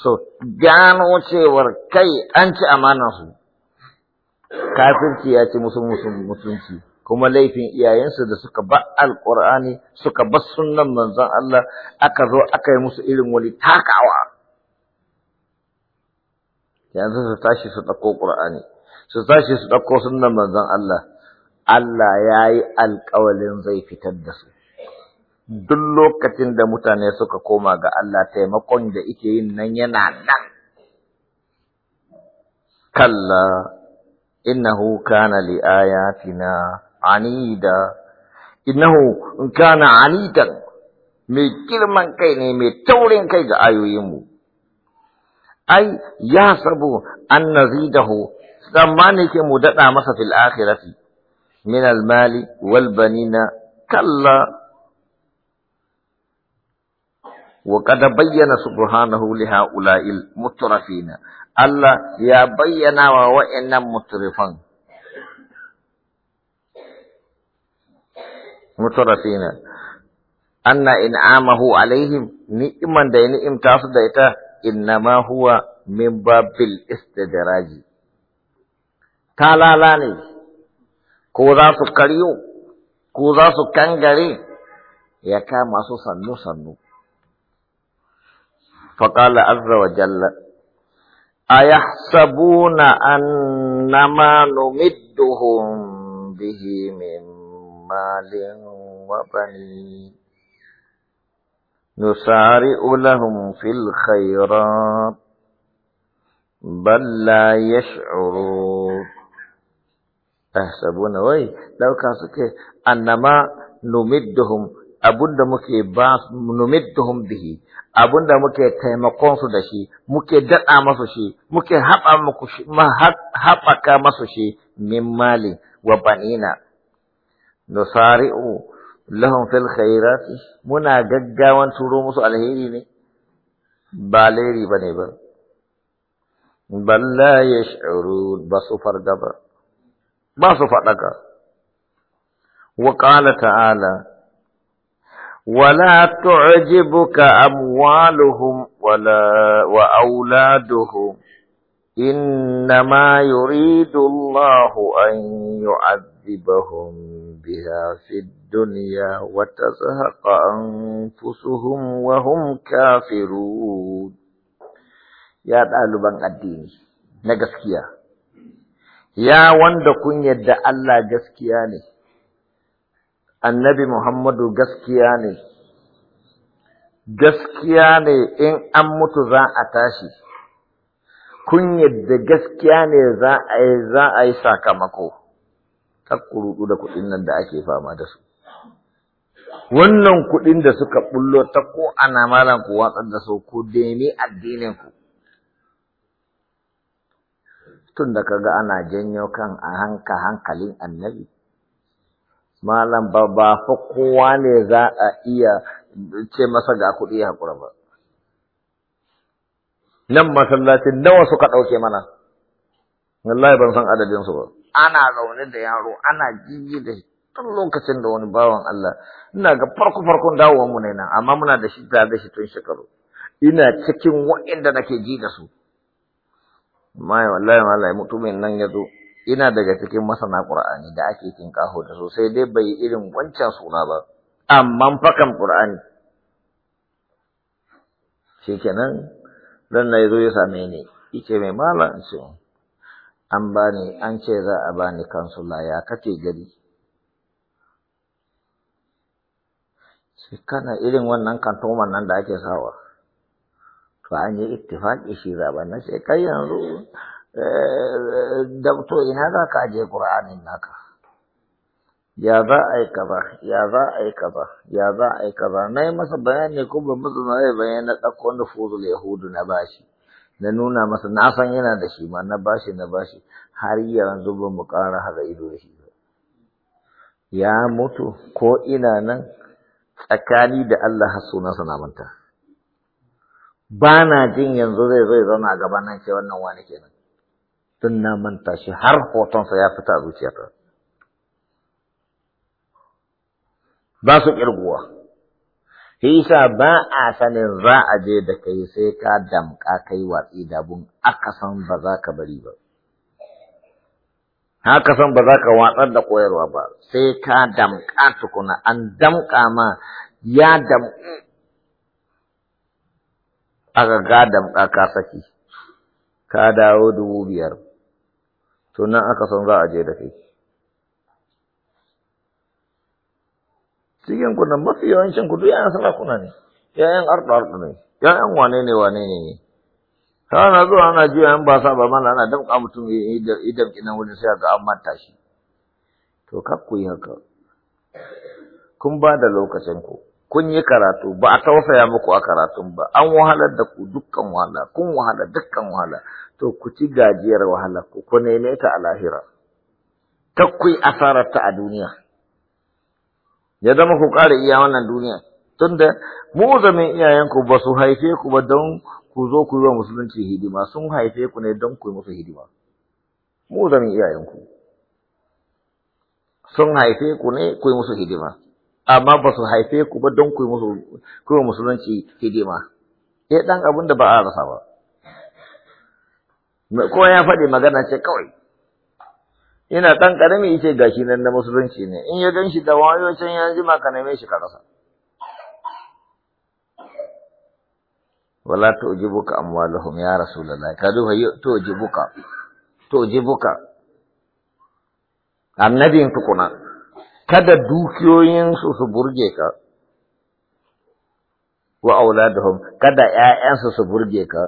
so gano cewar kai an ci amanarsu kafirci ya ci musu mutunci kuma laifin iyayensu da suka ba alƙur'ani suka ba sunnan manzon Allah aka zo aka yi musu irin wani takawa yanzu su tashi su ɗauko ƙur'ani su tashi su ɗauko sunnan manzon Allah Allah ya yi alƙawalin zai fitar da su duk lokacin da mutane suka koma ga Allah taimakon da ike yin nan yana nan kalla innahu kana li ayatina anida innahu kana anidan mai girman kai ne mai taurin kai ga ayoyinmu ai ya sabu an nazidahu tsammani ke mu daɗa masa fil akhirati min almali wal وقد بين سبحانه لهؤلاء المترفين الله يا بينا وإن مترفا مترفين أن إنعامه عليهم نئما دي نئم تاسد إنما هو من باب الاستدراج کالا لانی کودا سو کڑیو کودا سو يا یکا ماسو سنو سنو فقال عز وجل ايحسبون انما نمدهم به من مال وبنين نسارع لهم في الخيرات بل لا يشعرون yahsabuna wai dauka suke annama numidduhum abunda muke ba numidduhum bihi abunda muke taimakon su da shi muke dada masu shi muke haba muku shi haɓaka masu shi min mali wa banina nusari'u lahum fil khairati muna gaggawan turo musu alheri ne ba leri bane ba balla yash'urun ba su fargaba ba su faɗaka. وقال تعالى ولا تعجبك أموالهم ولا وأولادهم إنما يريد الله أن يعذبهم بها في الدنيا وتزهق أنفسهم وهم كافرون يا طالبان الدين نجسكيا ya wanda kun yadda Allah gaskiya ne, annabi Muhammadu gaskiya ne, gaskiya ne in an mutu za a tashi, kun yadda gaskiya ne za a yi za a yi sakamako, takkurudu da kuɗin nan da ake fama da su. Wannan kuɗin da suka bullo ta ko ana malan ku watsar da su ku deni addininku. ku. tun da kaga ana janyo kan a hanka hankalin annabi malam ba ba fa kowa ne za a iya ce masa ga kuɗi ya haƙura ba nan masallacin nawa suka ɗauke mana wallahi ban san adadin su ba ana zaune da yaro ana jiji da tun lokacin da wani bawan Allah ina ga farko farkon dawowar mu ne nan amma muna da shi da shi tun shekaru ina cikin wa'inda nake ji da su mai wallahi mallai mutumin nan yazo ina daga cikin masana Qur'ani da ake tinkaho da so dai bai irin wancan suna ba amma fakan Qur'ani shikenan dan na zo ya same ni yace mai mallan shi ce an bani an ce za a bani kansula ya kake gari kana irin wannan kantoman nan da ake sawa to an yi ittifaƙi shi zaɓen na ce kai yanzu eh, dabto ina za ka aje ƙur'anin naka ya za a yi kaza ya za a yi kaza ya za a yi kaza na yi masa bayani ko ba masa na yi bayani na ɗauko wanda fuzul yahudu na bashi na nuna masa na san yana da shi ma na bashi na bashi har yanzu ba mu ƙara haɗa ido da shi ba ya mutu ko ina nan tsakani da Allah har sunansa na manta. ba na jin yanzu zai zo ya zauna a gaban nan ce wannan wani kenan tun na manta shi har hotonsa ya fita a zuciyarta. ba su kirguwa shi isa ba a sanin za a je da kai sai ka damƙa kai watsi da bun aka san ba za ka bari ba haka san ba za ka watsar da koyarwa ba sai ka damƙa tukuna an damka ma ya damka aka gada ka saki ka dawo dubu biyar to nan aka san za a je da kai cikin kuna mafi yawancin kudu duk yayan sarakuna ne yayan arɗo arɗo ne yayan wane ne wane ne ne kana zuwa ana juya in ba sa ba mana ana damƙa mutum idan ina wani sai ga an manta shi to kar yi haka kun ba da lokacin ku kun yi karatu ba a tausaya muku a karatun ba an wahalar da ku dukkan wahala kun wahala dukkan wahala to ku ci gajiyar wahala ku ku neme ta a lahira ta ku yi asarar ta a duniya ya zama ku ƙara iya wannan duniya tunda mu zamin iyayenku ba su haife ku ba don ku zo ku yi wa musulunci hidima sun haife ku ne don ku yi musu hidima mu zamin iyayenku sun haife ku ne ku yi musu hidima amma ba su haife ku ba don ku yi musu ku musulunci hidima eh dan abin da ba a rasa ba ko ya faɗi magana ce kawai Ina ɗan ƙarami yace gashi nan na musulunci ne in ya gan shi da wayo can ya jima ka neme shi ka rasa wala tu'jibuka amwaluhum ya rasulullah ka duba tu'jibuka tu'jibuka annabin tukuna kada dukiyoyinsu su burge ka wa auladuhum kada ƴaƴansu su burge ka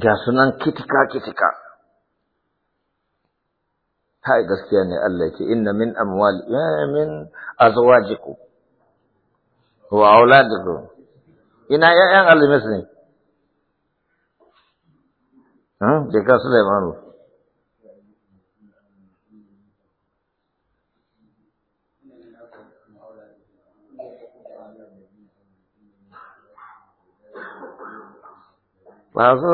ga sunan kitika kitika hai gaskiya ne Allah ce inna min amwal min azwajikum wa auladukum ina ƴaƴan almis ne ha da ka Sulaimanu masu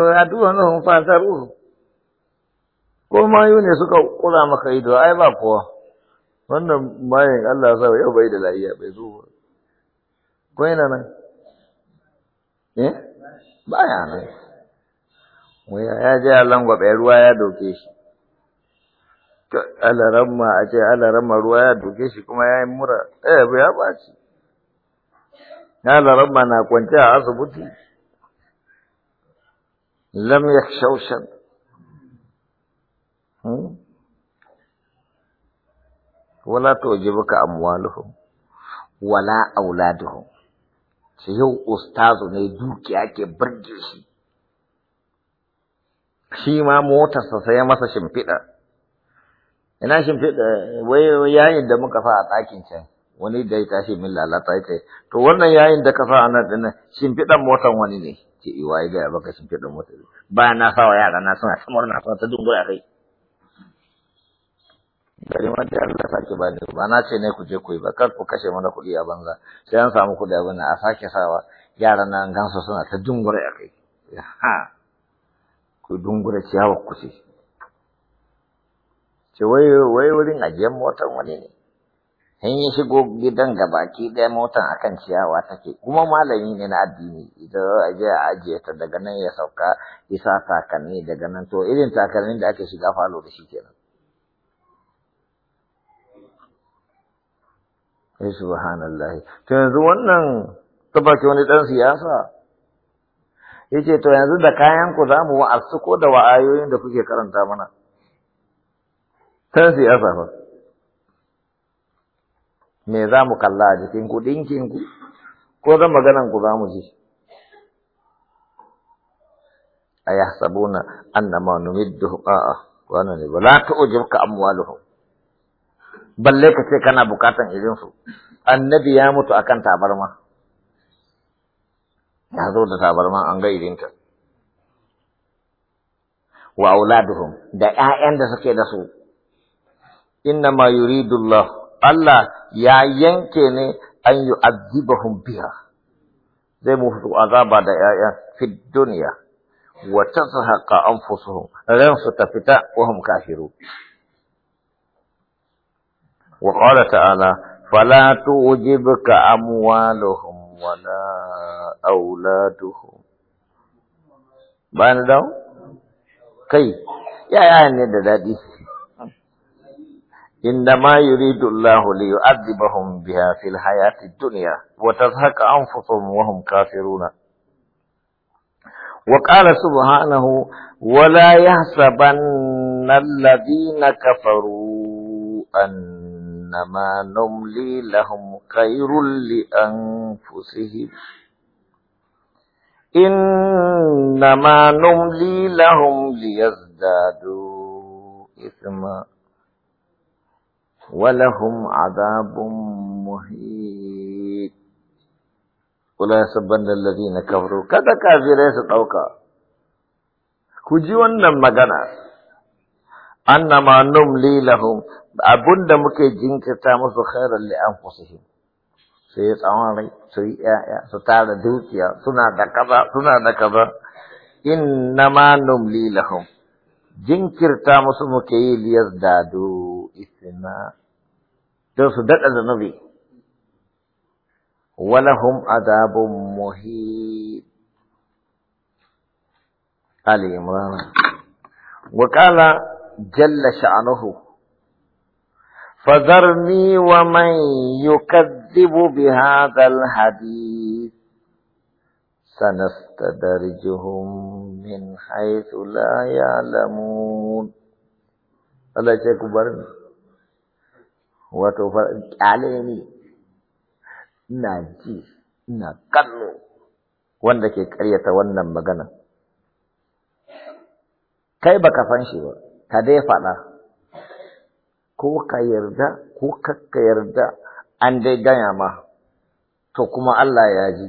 nan fasaru ko mayu ne suka kura maka ido ai ba kuwa. wannan mayin Allah sa yau bai da lafiya bai zo ba ko yana nan eh baya nan waya ya je a langwabe ruwa ya doke shi to alaramma a ce alaramma ruwa ya doke shi kuma ya mura eh ya baci alaramma na kwance a asibiti لم يخشوا shar wala tujibuka أموالهم wala أولادهم سيهو أستاذ ustazu ne dukiya ke موتا shi shi ma motarsa sai masa shimfiɗa ina shimfiɗa wai yayin da muka fa a ɗakin can wani da ya tashi min lalata ya to wannan yayin da ka fa a nan ɗin shimfiɗan motar wani ne ce iwa ya gaya baka sun fiɗin mota ba na sawa yara na suna samar na suna ta ya kai gari ma da Allah sake ba ni ba na ce ne ku je ku yi ba kar ku kashe mana kuɗi a banza sai an samu kuɗi a banza a sake sawa yara na gansu suna ta dungura ya kai ha ku dungura ciyawar ku ce ce wai wurin ajiyar motar wani ne in ya shigo gidan gabaki ɗaya motan akan ciyawa take kuma malami ne na addini idan a je a ajiye ta daga nan ya sauka isa takalmi daga nan to irin takalmin da ake shiga falo da shi kenan eh subhanallah to yanzu wannan tabaki wani dan siyasa yace to yanzu da kayan ku zamu wa'azu ko da wa'ayoyin da kuke karanta mana Tan siyasa fa me za mu kalla a jikin ku ku ko zan maganan ku za mu ji a yahsabuna annama numiddu a'a wannan ne ba ka tu'jibka amwaluhu balle ka ce kana bukatan irin su annabi ya mutu akan tabarma ya zo da tabarma an ga irinta wa auladuhum da ƴaƴan da suke da su inna ma yuridullah Allah ya yanke ne an yi azibahun biya, zai mutu azaba da ‘ya'yan fit duniya, wata su haƙa an fusuhun, su ta fita wahum kafiru. Wa ƙwada ta'ala, fala tu'jibka amwaluhum wala auladuhum. Bani dawo? Kai, ‘ya'ya ne da daɗi. إنما يريد الله ليعذبهم بها في الحياة الدنيا وتزهق أنفسهم وهم كافرون وقال سبحانه ولا يحسبن الذين كفروا أنما نملي لهم خير لأنفسهم إنما نملي لهم ليزدادوا إثما ولهم عذاب محيط ولا يسبن الذين كفروا كذا كافرين ستوكا ku ji wannan magana, annama numli lahum abunda muke jinkirta musu khairar li'an fusihim, su yi tsawon rai, su yi ‘ya'ya, su tara dukiya, suna da kaza, suna da kaza, innama numli lahum, jinkirta musu muke yi liyar dadu. isma don su daɗa zunubi walahum adabun muhib ali imran wa qala jalla sha'nuhu فذرني ومن يكذب بهذا الحديث سنستدرجهم من حيث لا يعلمون الله يجزاكم برني wato kyale ne ina ji ina kallo wanda ke karyata wannan magana kai baka san shi ba ka dai faɗa ko ka yarda ko kaka yarda an dai gaya ma to kuma Allah ya ji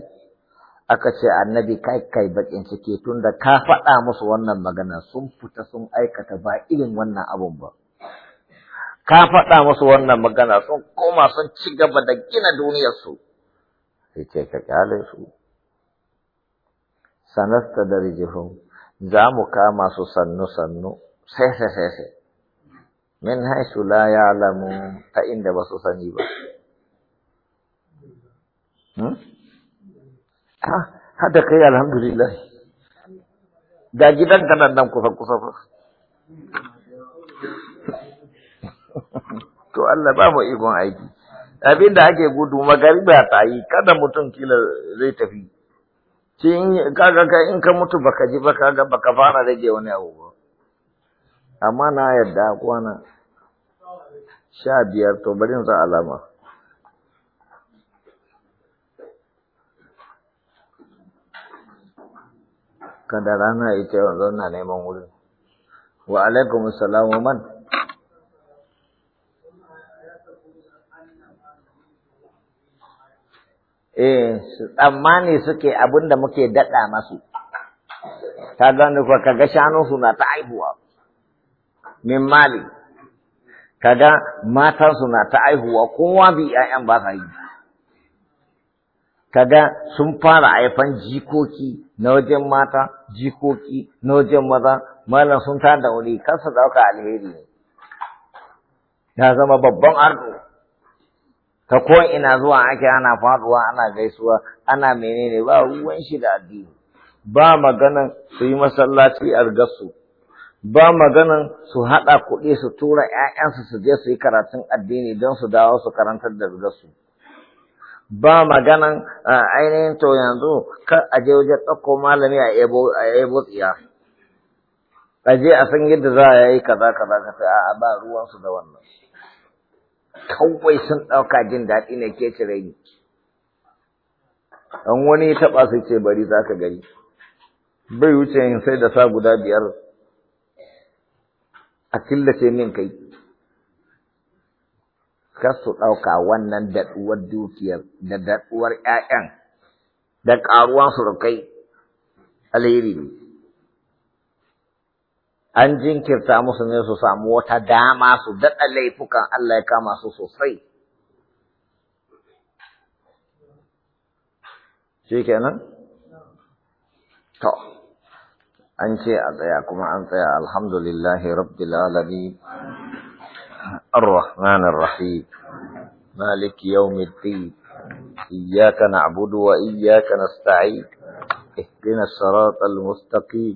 aka ce annabi kai kai bakin ciki tunda ka faɗa musu wannan magana sun fita sun aikata ba irin wannan abun ba ka faɗa musu wannan magana sun koma sun ci gaba da gina duniyarsu sai ce ka kyale su sanasta da rijihun za mu kama su sannu sannu sai sese min haisu la ya'lamu ta inda ba su sani ba hmm? hada kai alhamdulillah da gidan nan nan kusa kusa to Allah ba mu ikon aiki abin da ake gudu magariba ta yi kada mutum kila zai tafi ce kaga ka in ka mutu baka ji ba kaga baka fara rage wani abu ba amma na yadda kwana sha biyar to bari sa alama kada rana ita yanzu na neman wurin wa alaikum assalam man eh tsammani suke abin da muke daɗa masu ta gane kuwa kaga shanunsu na ta aihuwa min mali kaga matansu na ta aihuwa kowa bi 'ya'yan ba sa yi kaga sun fara haifan jikoki na wajen mata jikoki na wajen maza malam sun tada wuri kansa ɗauka alheri ne ya zama babban arko ta ko ina zuwa ake ana faduwa ana gaisuwa ana menene ba ruwan shi da addini ba maganan su yi masallaci a rigarsu ba maganan su haɗa kuɗi su tura ‘ya'yansu su je su yi karatun addini don su dawo su karantar da rigarsu ba maganan ainihin to yanzu kar a je wajen ɗauko malami a ebo tsiya a je a san yadda za a yi kaza kaza kaza a ba ruwansu da wannan kawai sun ɗauka jin daɗi ne ke cire ni. An wani taɓa su ce bari za ka gani. Bai wuce yin sai da sa guda biyar a killace min kai. Kar su ɗauka wannan daɗuwar dukiyar da daɗuwar ‘ya'yan da ƙaruwan surukai alheri ne. an jinkirta musu ne su samu wata dama su daɗa laifukan Allah ya kama su sosai. Shi kenan? To, an ce a tsaya kuma an tsaya alhamdulillahi rabbil alamin الرحمن الرحيم مالك يوم الدين إياك نعبد وإياك نستعين اهدنا الصراط المستقيم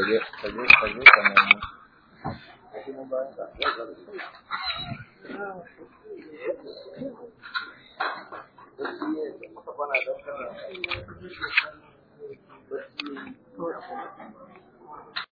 kaje kaje kaje ka nemi Thank you.